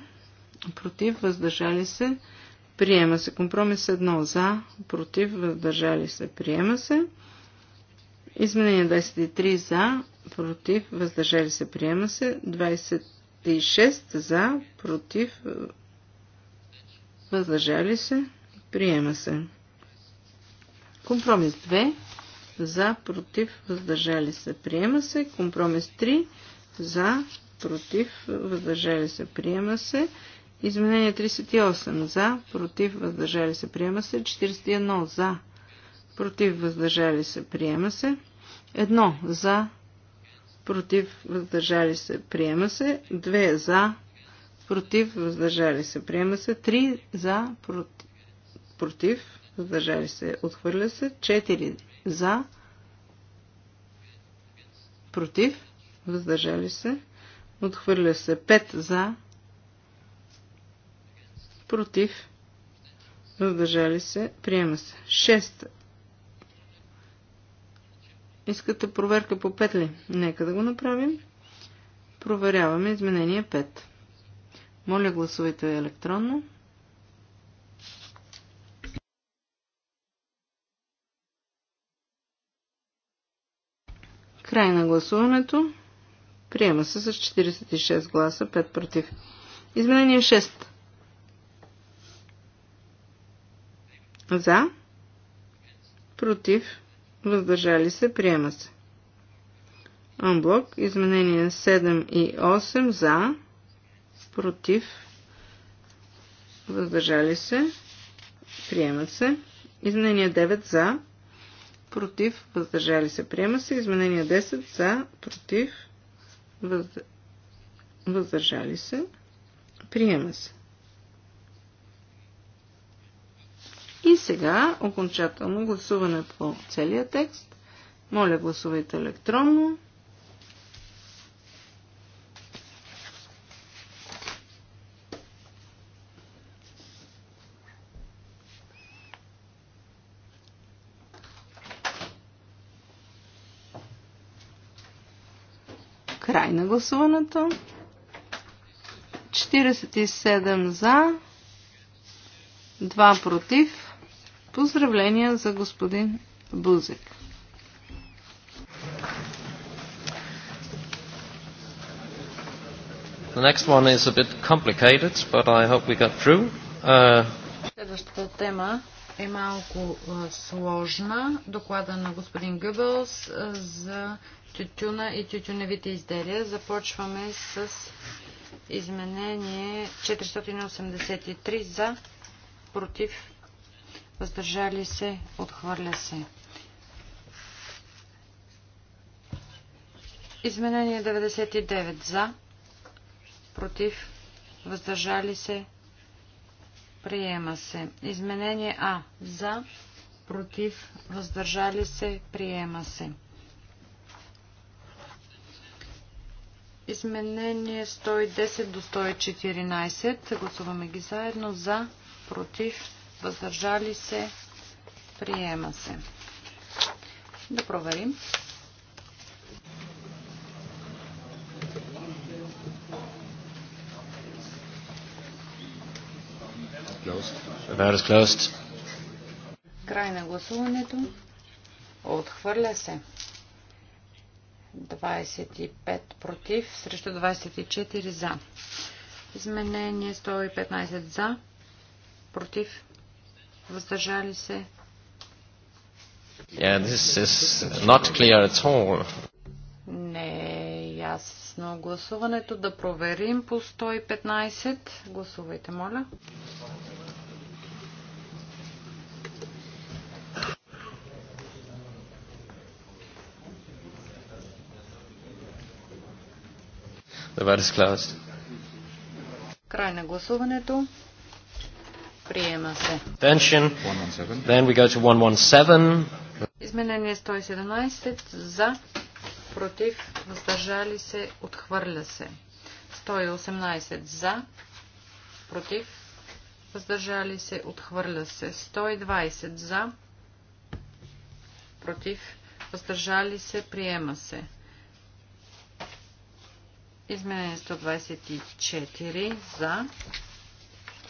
против, въздържали се. Приема се компромис 1 за, против, въздържали се. Приема се. Изменение 23 за, против, въздържали се. Приема се. 26 за, против, въздържали се. Приема се. Компромис 2 за, против, въздържали се, приема се. Компромис 3 за, против, въздържали се, приема се. Изменение 38 за, против, въздържали се, приема се. 41 за, против, въздържали се, приема се. 1 за, против, въздържали се, приема се. 2 за, против, въздържали се, приема се. 3 за, против, въздържали се, отхвърля се. 4 за, против, въздържали се, отхвърля се. 5 за, против, въздържали се, приема се. 6. Искате проверка по 5 ли? Нека да го направим. Проверяваме изменение 5. Моля гласувайте електронно. Край на гласуването. Приема се с 46 гласа, 5 против. Изменение 6. За. Против. Въздържали се. Приема се. Анблок. Изменения 7 и 8. За. Против. Въздържали се. Приемат се. Изменение 9 за против, въздържали се, приема се. Изменение 10 за, против, въздържали се, приема се. И сега окончателно гласуване по целия текст. Моля гласувайте електронно. Край на гласуването. 47 за, 2 против. Поздравления за господин Бузек. The next one is a bit complicated, but I hope we got through. Uh... Следващата тема е малко сложна. Доклада на господин Гъбълс за тютюна и тютюневите изделия. Започваме с изменение 483 за, против, въздържали се, отхвърля се. Изменение 99 за, против, въздържали се, Приема се. Изменение А. За. Против. Въздържали се. Приема се. Изменение 110 до 114. Гласуваме ги заедно. За. Против. Въздържали се. Приема се. Да проверим. Край на гласуването. Отхвърля се. 25 против срещу 24 за. Изменение 115 за. Против. Въздържали се. Yeah, this is not clear at all. Не е ясно на гласуването. Да проверим по 115. Гласувайте, моля. Край на гласуването. Приема се. Then we go to 117. Изменение 117 за против, въздържали се, отхвърля се. 118 за, против, въздържали се, отхвърля се. 120 за, против, въздържали се, приема се. Изменение 124 за,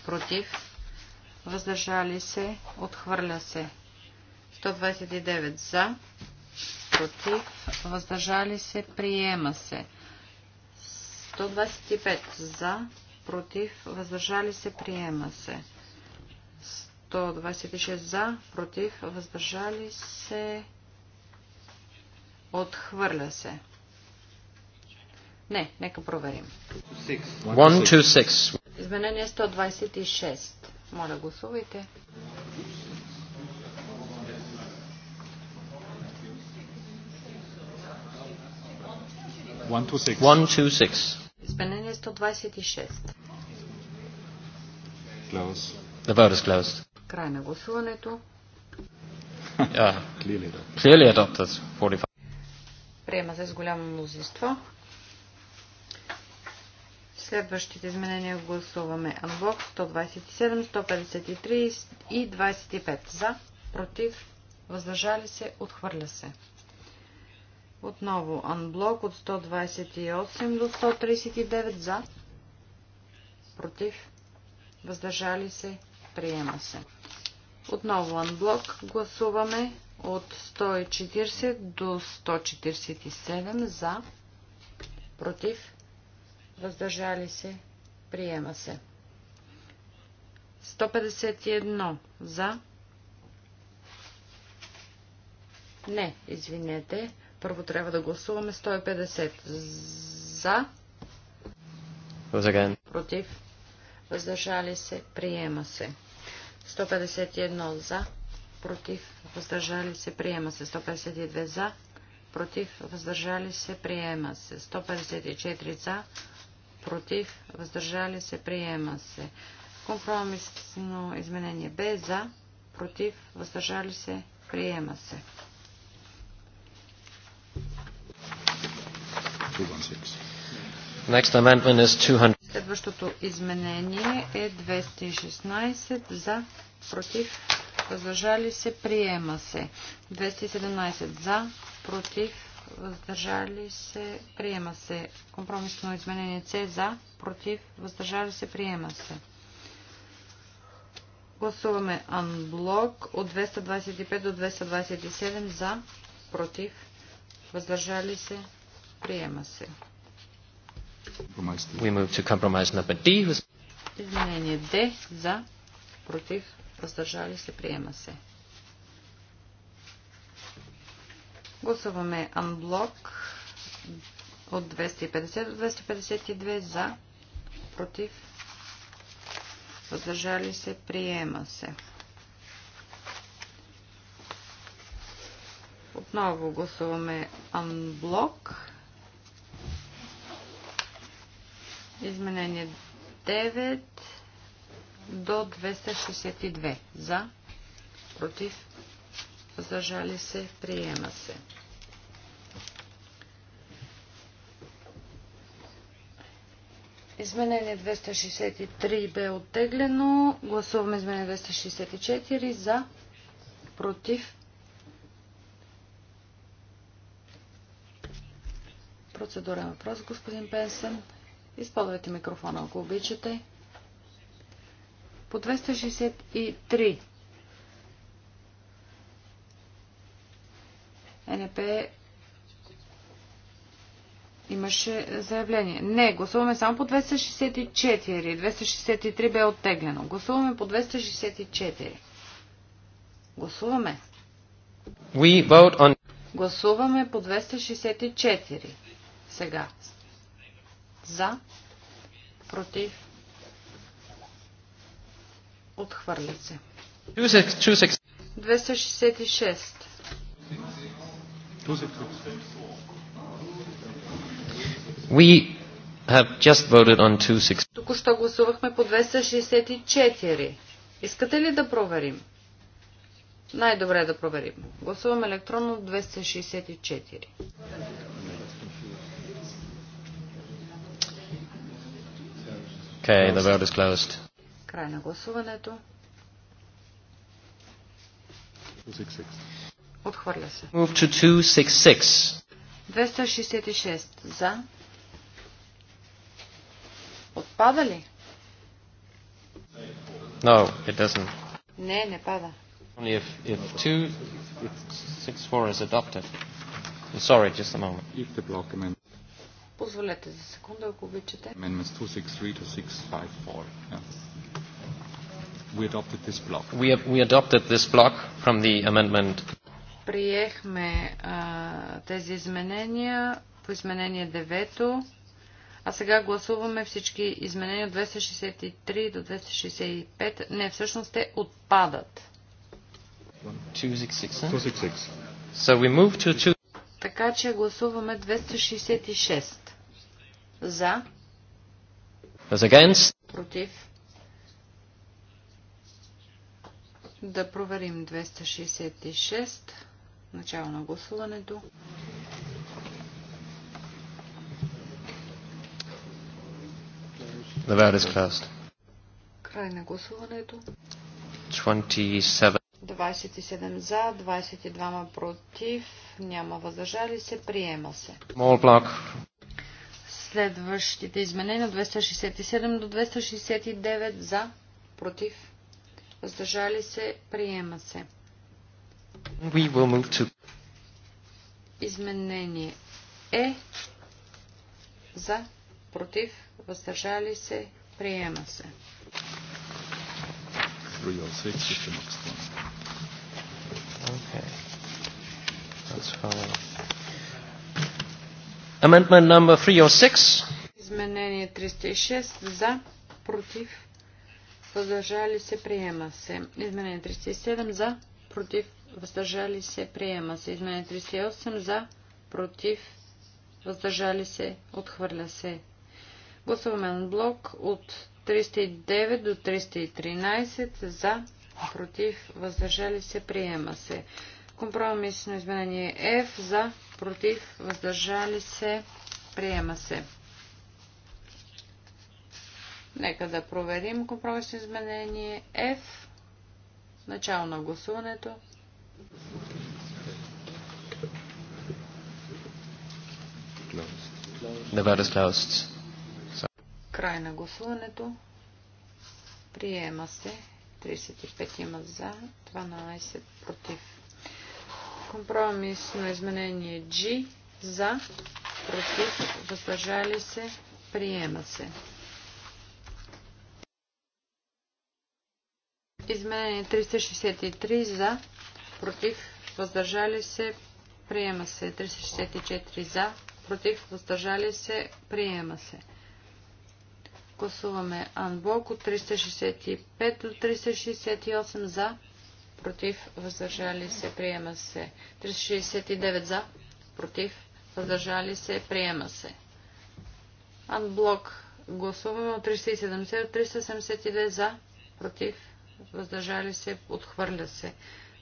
против, въздържали се, отхвърля се. 129 за, против, въздържали се, приема се. 125 за, против, въздържали се, приема се. 126 за, против, въздържали се, отхвърля се. Не, нека проверим. 126. Изменение 126. Моля, гласувайте. Изменение 126. The vote is closed. Край на гласуването. Yeah. Clearly adopted. 45. Приема се с голямо мнозинство. Следващите изменения гласуваме Анблок 127, 153 и 25. За, против, въздържали се, отхвърля се. Отново анблок от 128 до 139 за, против, въздържали се, приема се. Отново анблок гласуваме от 140 до 147 за, против, въздържали се, приема се. 151 за. Не, извинете. Първо трябва да гласуваме 150 за. Again. Против. Въздържали се. Приема се. 151 за. Против. Въздържали се. Приема се. 152 за. Против. Въздържали се. Приема се. 154 за. Против. Въздържали се. Приема се. Компромисно изменение Б за. Против. Въздържали се. Приема се. Следващото изменение е 216 за, против, въздържали се, приема се. 217 за, против, въздържали се, приема се. Компромисно изменение С за, против, въздържали се, приема се. Гласуваме анблок от 225 до 227 за, против, въздържали се, Приема се. We move to compromise number D. Изменение Д за, против, въздържали се, приема се. Гласуваме анблок от 250 до 252 за, против, въздържали се, приема се. Отново гласуваме анблок Изменение 9 до 262. За, против, зажали се, приема се. Изменение 263 бе оттеглено. Гласуваме изменение 264 за, против. Процедурен въпрос, господин Пенсен. Използвайте микрофона, ако обичате. По 263 НП имаше заявление. Не, гласуваме само по 264. 263 бе оттеглено. Гласуваме по 264. Гласуваме. We vote on... Гласуваме по 264. Сега. За. Против. Отхвърли се. 266. We have just voted on 266. Току-що гласувахме по 264. Искате ли да проверим? Най-добре е да проверим. Гласуваме електронно 264. Okay, the vote is closed. Край на гласуването. Отхвърля се. Move to 266. 266 за. Отпада ли? No, it doesn't. Не, не пада. Only if, if 264 is adopted. I'm sorry, just a moment. If the block amendment Позволете за секунда, ако обичате. Amendments 263 to 654. We adopted this block. We, we adopted this block from the amendment. Приехме а, тези изменения по изменение 9. А сега гласуваме всички изменения от 263 до 265. Не, всъщност те отпадат. 266. So we move to... Така че гласуваме 266. За. Против. Да проверим 266. Начало на гласуването. The vote is closed. Край на гласуването. 27. 27 за, 22 против, няма въздържали се, приема се. Small block Следващите изменения от 267 до 269 за, против, въздържали се, приема се. We will move to... Изменение е за, против, въздържали се, приема се. 306 Okay. That's followed. Amendment number 306. Изменение 306 за, против, въздържали се, приема се. Изменение 307 за, против, въздържали се, приема се. Изменение 308 за, против, въздържали се, отхвърля се. Гласуваме на блок от 309 до 313 за, против, въздържали се, приема се. Компромисно изменение F за, против, въздържали се, приема се. Нека да проверим компромисно изменение F. Начало на гласуването. Край на гласуването. Приема се. 35 има за, 12 против. Компромисно изменение G за, против, въздържали се, приема се. Изменение 363 за, против, въздържали се, приема се. 364 за, против, въздържали се, приема се. Гласуваме анблок от 365 до 368 за, против, въздържали се, приема се. 369 за, против, въздържали се, приема се. Анблок. Гласуваме от 370 372 за, против, въздържали се, отхвърля се.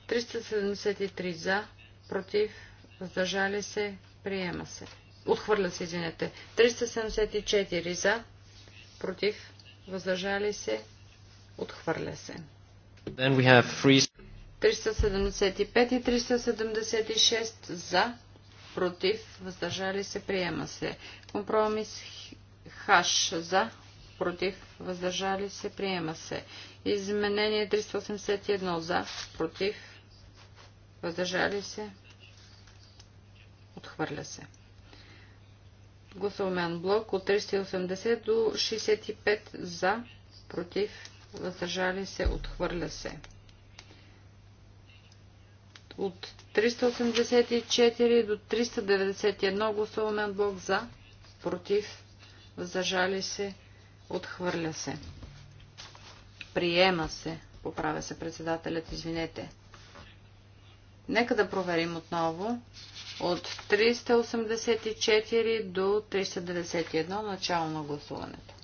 373 за, против, въздържали се, приема се. Отхвърля се, извинете. 374 за, против, въздържали се, отхвърля се. Then we have free 375 и 376 за, против, въздържали се, приема се. Компромис хаш за, против, въздържали се, приема се. Изменение 381 за, против, въздържали се, отхвърля се. Гласуваме блок от 380 до 65 за, против, въздържали се, отхвърля се. От 384 до 391 гласуваме от блок за, против, въздържали се, отхвърля се. Приема се, поправя се председателят, извинете. Нека да проверим отново. От 384 до 391 начало на гласуването.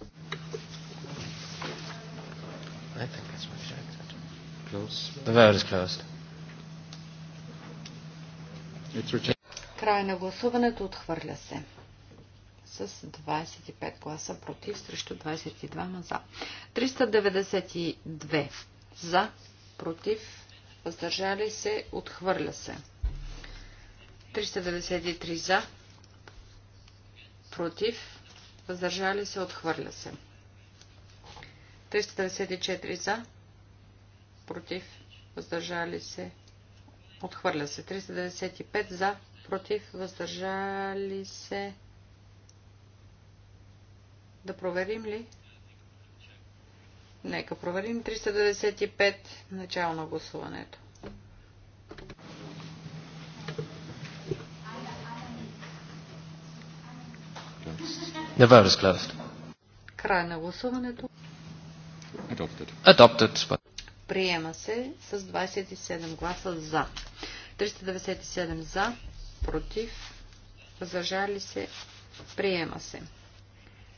The vote is closed. Край на гласуването отхвърля се. С 25 гласа против срещу 22 за. 392 за, против, въздържали се, отхвърля се. 393 за, против, въздържали се, отхвърля се. 394 за, против, въздържали се, Отхвърля се. 395 за, против, въздържали се. Да проверим ли? Нека проверим 395 начало на гласуването. Не vote разгледат. Край на гласуването. Adopted. Adopted. Приема се с 27 гласа за. 397 за, против, въздържали се, приема се.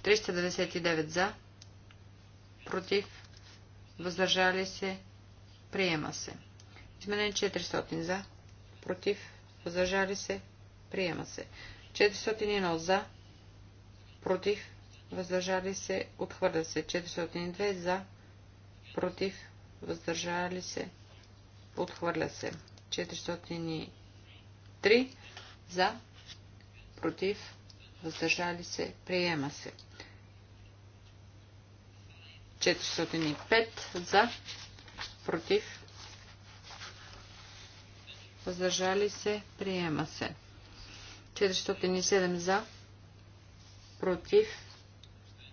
399 за, против, въздържали се, приема се. Изменен 400 за, против, въздържали се, приема се. 401 за, против, въздържали се, отхвърля се. 402 за, против, въздържали се, отхвърля се. 403 за, против, въздържали се, приема се. 405 за, против, въздържали се, приема се. 407 за, против,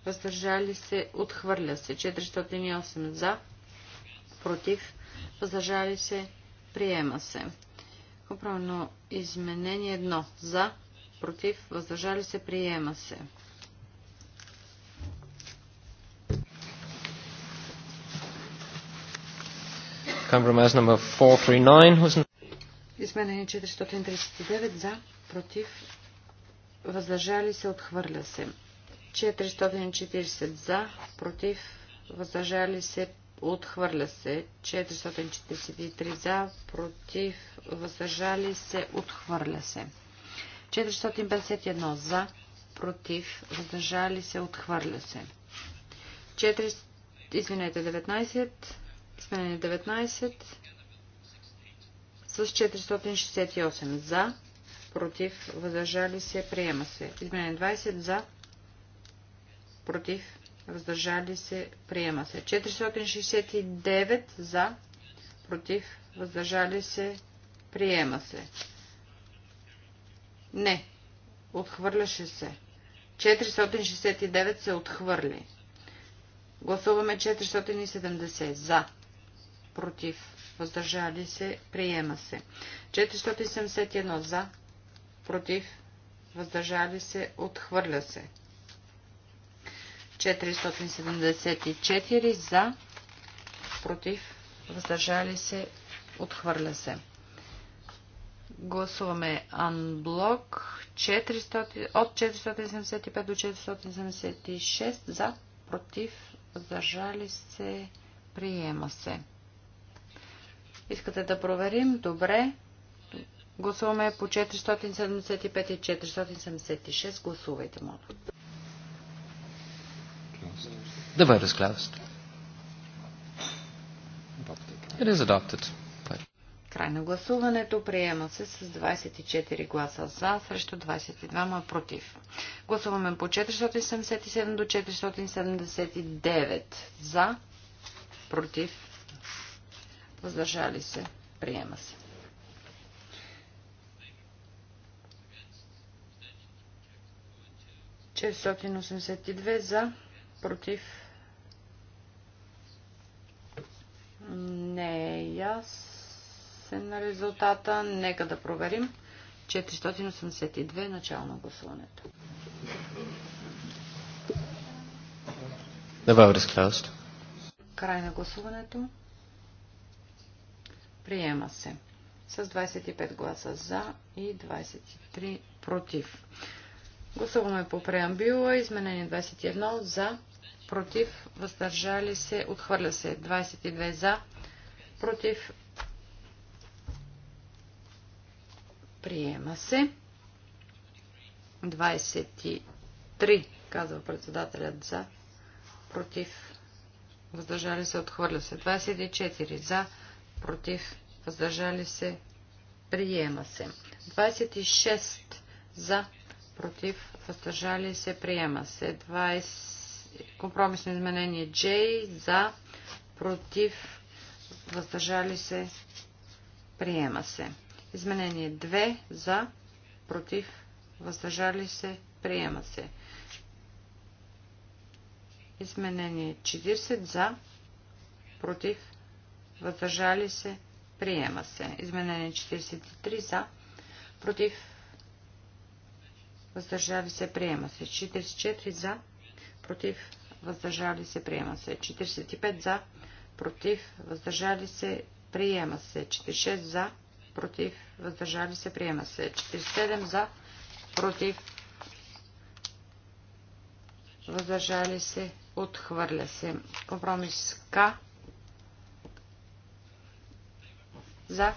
въздържали се, отхвърля се. 408 за, против, въздържали се, приема се. Управено изменение 1. За, против, въздържали се, приема се. Compromise number 439 Изменение 439 за, против, въздържали се, отхвърля се. 440 за, против, въздържали се, Отхвърля се. 443 за, против, въздържали се. Отхвърля се. 451 за, против, въздържали се. Отхвърля се. 4... Извинете, 19. Изменение 19. С 468 за, против, въздържали се. Приема се. Изменение 20 за, против, въздържали се, приема се. 469 за, против, въздържали се, приема се. Не, отхвърляше се. 469 се отхвърли. Гласуваме 470 за, против, въздържали се, приема се. 471 за, против, въздържали се, отхвърля се. 474 за, против, въздържали се, отхвърля се. Гласуваме анблок 400, от 475 до 476 за, против, въздържали се, приема се. Искате да проверим? Добре. Гласуваме по 475 и 476. Гласувайте, моля. The vote is closed. It is adopted. Край на гласуването приема се с 24 гласа за, срещу 22 ма против. Гласуваме по 477 до 479 за, против, въздържали се, приема се. Четиристотин за, против, Не е ясен резултата. Нека да проверим. 482 начало на гласуването. Край на гласуването. Приема се. С 25 гласа за и 23 против. Гласуваме по преамбюла. Изменение 21 за против, въздържали се, отхвърля се. 22 за, против, приема се. 23, казва председателят за, против, въздържали се, отхвърля се. 24 за, против, въздържали се, приема се. 26 за, против, въздържали се, приема се. 20 Компромисно изменение J за, против, въздържали се, приема се. Изменение 2 за, против, въздържали се, приема се. Изменение 40 за, против, въздържали се, приема се. Изменение 43 за, против, въздържали се, приема се. 44 за, против, въздържали се, приема се. 45 за, против, въздържали се, приема се. 46 за, против, въздържали се, приема се. 47 за, против, въздържали се, отхвърля се. Компромис К. За,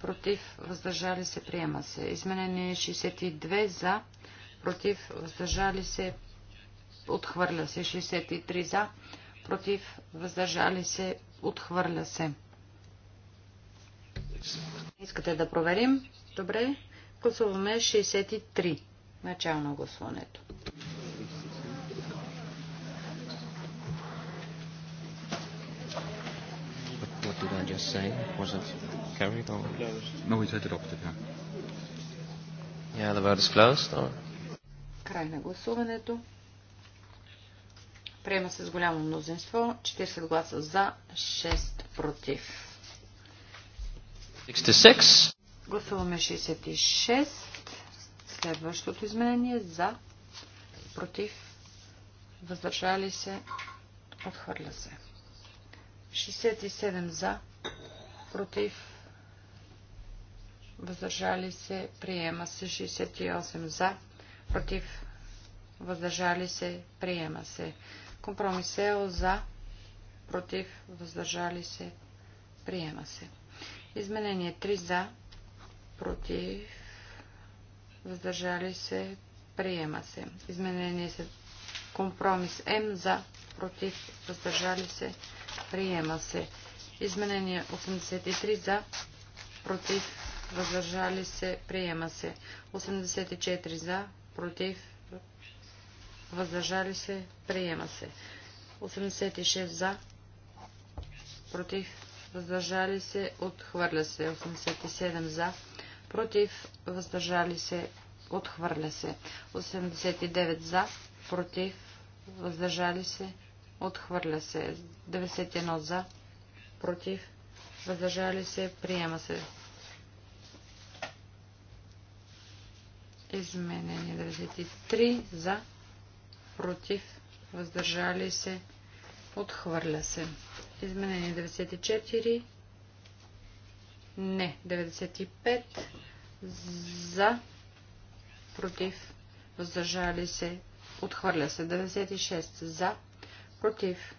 против, въздържали се, приема се. Изменение 62 за, против, въздържали се, отхвърля се. 63 за, против, въздържали се, отхвърля се. Искате да проверим? Добре. Гласуваме 63. Начало на гласуването. What did I just say? Was it carried or? No, adopted, yeah. Yeah, the vote is closed or? Край на гласуването. Приема се с голямо мнозинство. 40 гласа за, 6 против. 66. Гласуваме 66. Следващото изменение за, против, въздържали се, отхвърля се. 67 за, против, въздържали се, приема се. 68 за, против, въздържали се, приема се. Компромис е, за, против, въздържали се, приема се. Изменение 3 за, против, въздържали се, приема се. Изменение се компромис М за, против, въздържали се, приема се. Изменение 83 за, против, въздържали се, приема се. 84 за, против, въздържали се, приема се. 86 за, против, въздържали се, отхвърля се. 87 за, против, въздържали се, отхвърля се. 89 за, против, въздържали се, отхвърля се. 91 за, против, въздържали се, приема се. Изменение 93 за, против, въздържали се, отхвърля се. Изменение 94, не, 95, за, против, въздържали се, отхвърля се. 96, за, против,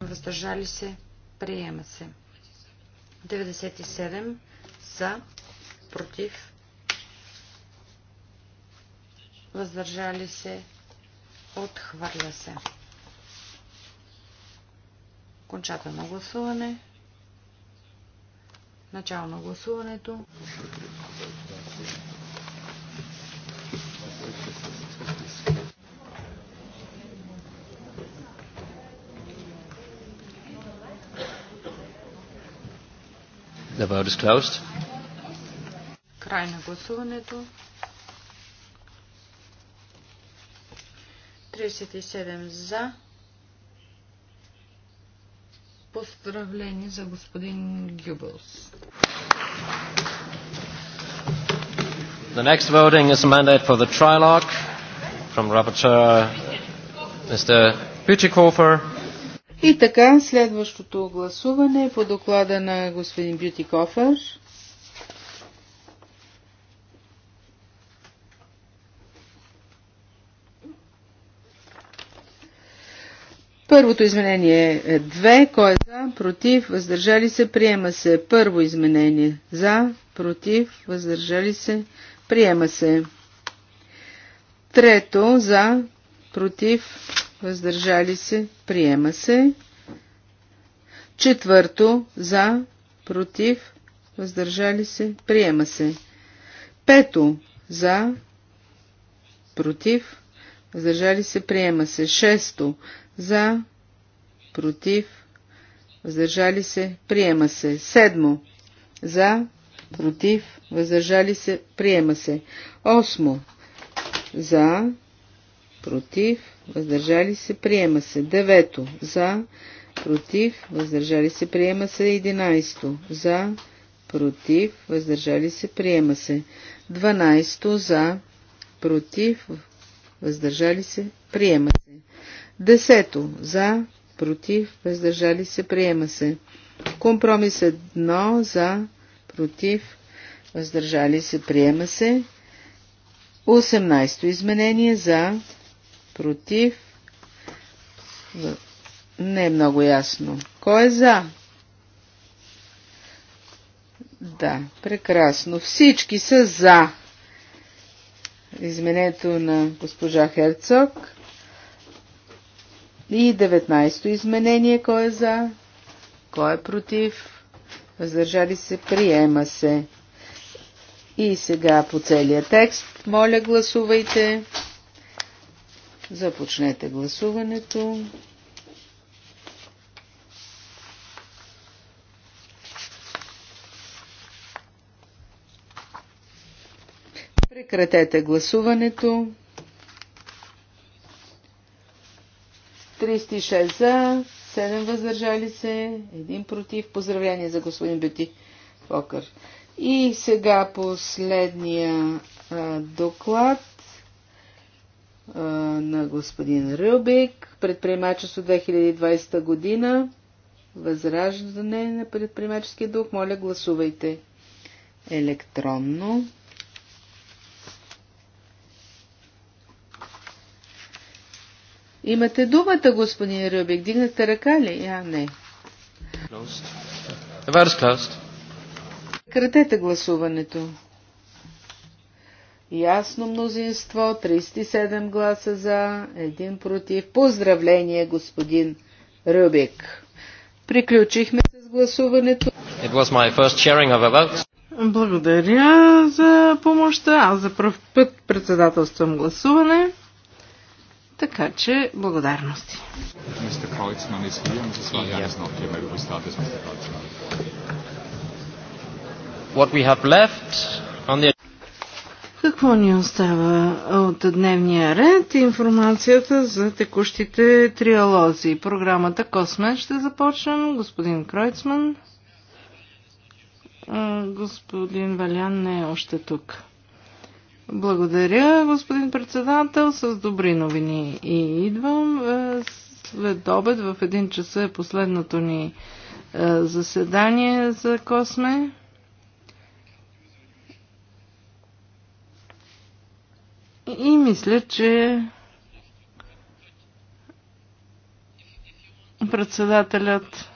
въздържали се, приема се. 97, за, против, въздържали се, отхвърля се. Кончателно гласуване. Начало на гласуването. The vote is closed. Край на гласуването. 37 за. Поздравление за господин Гюбълс. The next voting is a mandate for the trilogue from Rapporteur Mr. Bütikofer. И така, следващото гласуване е по доклада на господин Бютикофер. Първото изменение е 2. Кой е за, против, въздържали се, приема се. Първо изменение за, против, въздържали се, приема се. Трето за, против, въздържали се, приема се. Четвърто за, против, въздържали се, приема се. Пето за, против, въздържали се, приема се. Шесто за, против, въздържали се, приема се. Седмо, за, против, въздържали се, приема се. Осмо, за, против, въздържали се, приема се. Девето, за, против, въздържали се, приема се. Единайсто, за, против, въздържали се, приема се. Дванайсто, за, против, въздържали се, приема се. Десето. За, против, въздържали се, приема се. Компромис едно. За, против, въздържали се, приема се. 18 изменение за, против, не е много ясно. Кой е за? Да, прекрасно. Всички са за изменението на госпожа Херцог. И 19-то изменение, кой е за, кой е против, въздържали се, приема се. И сега по целия текст, моля гласувайте. Започнете гласуването. Прекратете гласуването. 36 за, 7 въздържали се, 1 против. Поздравление за господин Бети Фокър. И сега последния а, доклад а, на господин Рюбик. Предприемачество 2020 година. Възраждане на предприемаческия дух. Моля, гласувайте електронно. Имате думата, господин Рюбик. Дигнахте ръка ли? А, не. Кратете гласуването. Ясно мнозинство, 37 гласа за, един против. Поздравление, господин Рюбик. Приключихме с гласуването. It was my first sharing of a vote. Благодаря за помощта. Аз за първ път председателствам гласуване. Така че, благодарности. The... Какво ни остава от дневния ред? Информацията за текущите триалози. Програмата Космен ще започнем. Господин Кройцман. Господин Валян не е още тук. Благодаря, господин председател. С добри новини и идвам. Е, след обед в един час е последното ни е, заседание за Косме. И мисля, че председателят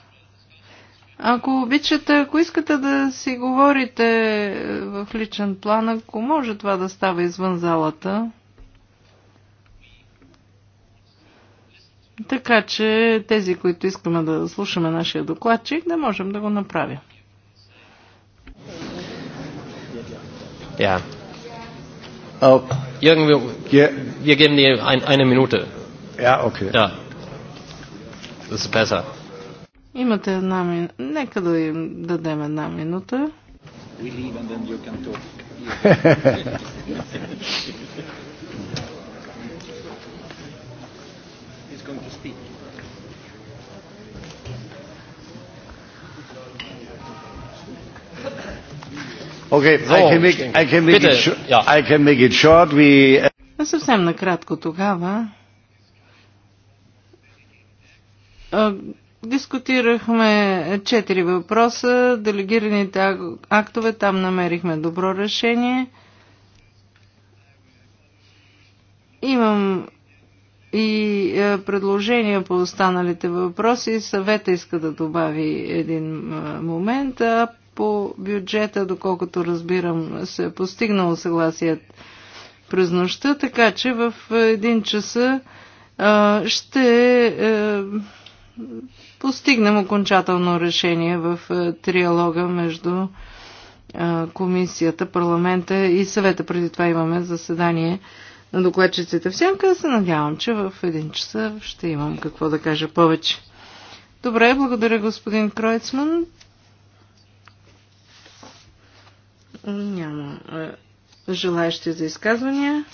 ако обичате, ако искате да си говорите е, в личен план, ако може това да става извън залата, така че тези, които искаме да слушаме нашия докладчик, да можем да го направим. Ja. Oh. Jürgen, wir, wir geben dir ein, eine Minute. Ja, okay. Ja. Das ist besser. Имате една минута. Нека да им дадем една минута. We leave and then you can talk. He's going to speak. Okay, so, I can make, I can make, Bitte, it, yeah. I can make it short. We... А съвсем накратко тогава. Дискутирахме четири въпроса. Делегираните актове, там намерихме добро решение. Имам и е, предложения по останалите въпроси. Съвета иска да добави един е, момент. А по бюджета, доколкото разбирам, се е постигнало съгласият през нощта, така че в един часа е, ще постигнем окончателно решение в е, триалога между е, комисията, парламента и съвета. Преди това имаме заседание на докладчиците в сянка. Се надявам, че в един часа ще имам какво да кажа повече. Добре, благодаря господин Кройцман. Няма е, желаящи за изказвания.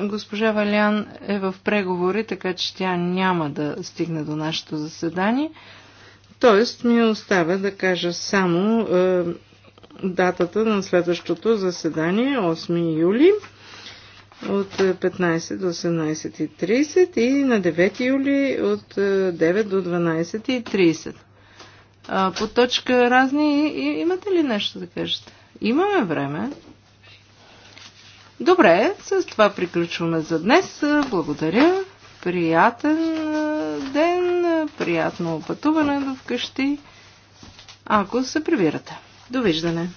Госпожа Валян е в преговори, така че тя няма да стигне до нашето заседание. Тоест ми оставя да кажа само е, датата на следващото заседание, 8 юли от 15 до 18.30 и на 9 юли от 9 е, до 12.30. По точка разни имате ли нещо да кажете? Имаме време. Добре, с това приключваме за днес. Благодаря. Приятен ден, приятно пътуване до вкъщи, ако се прибирате. Довиждане!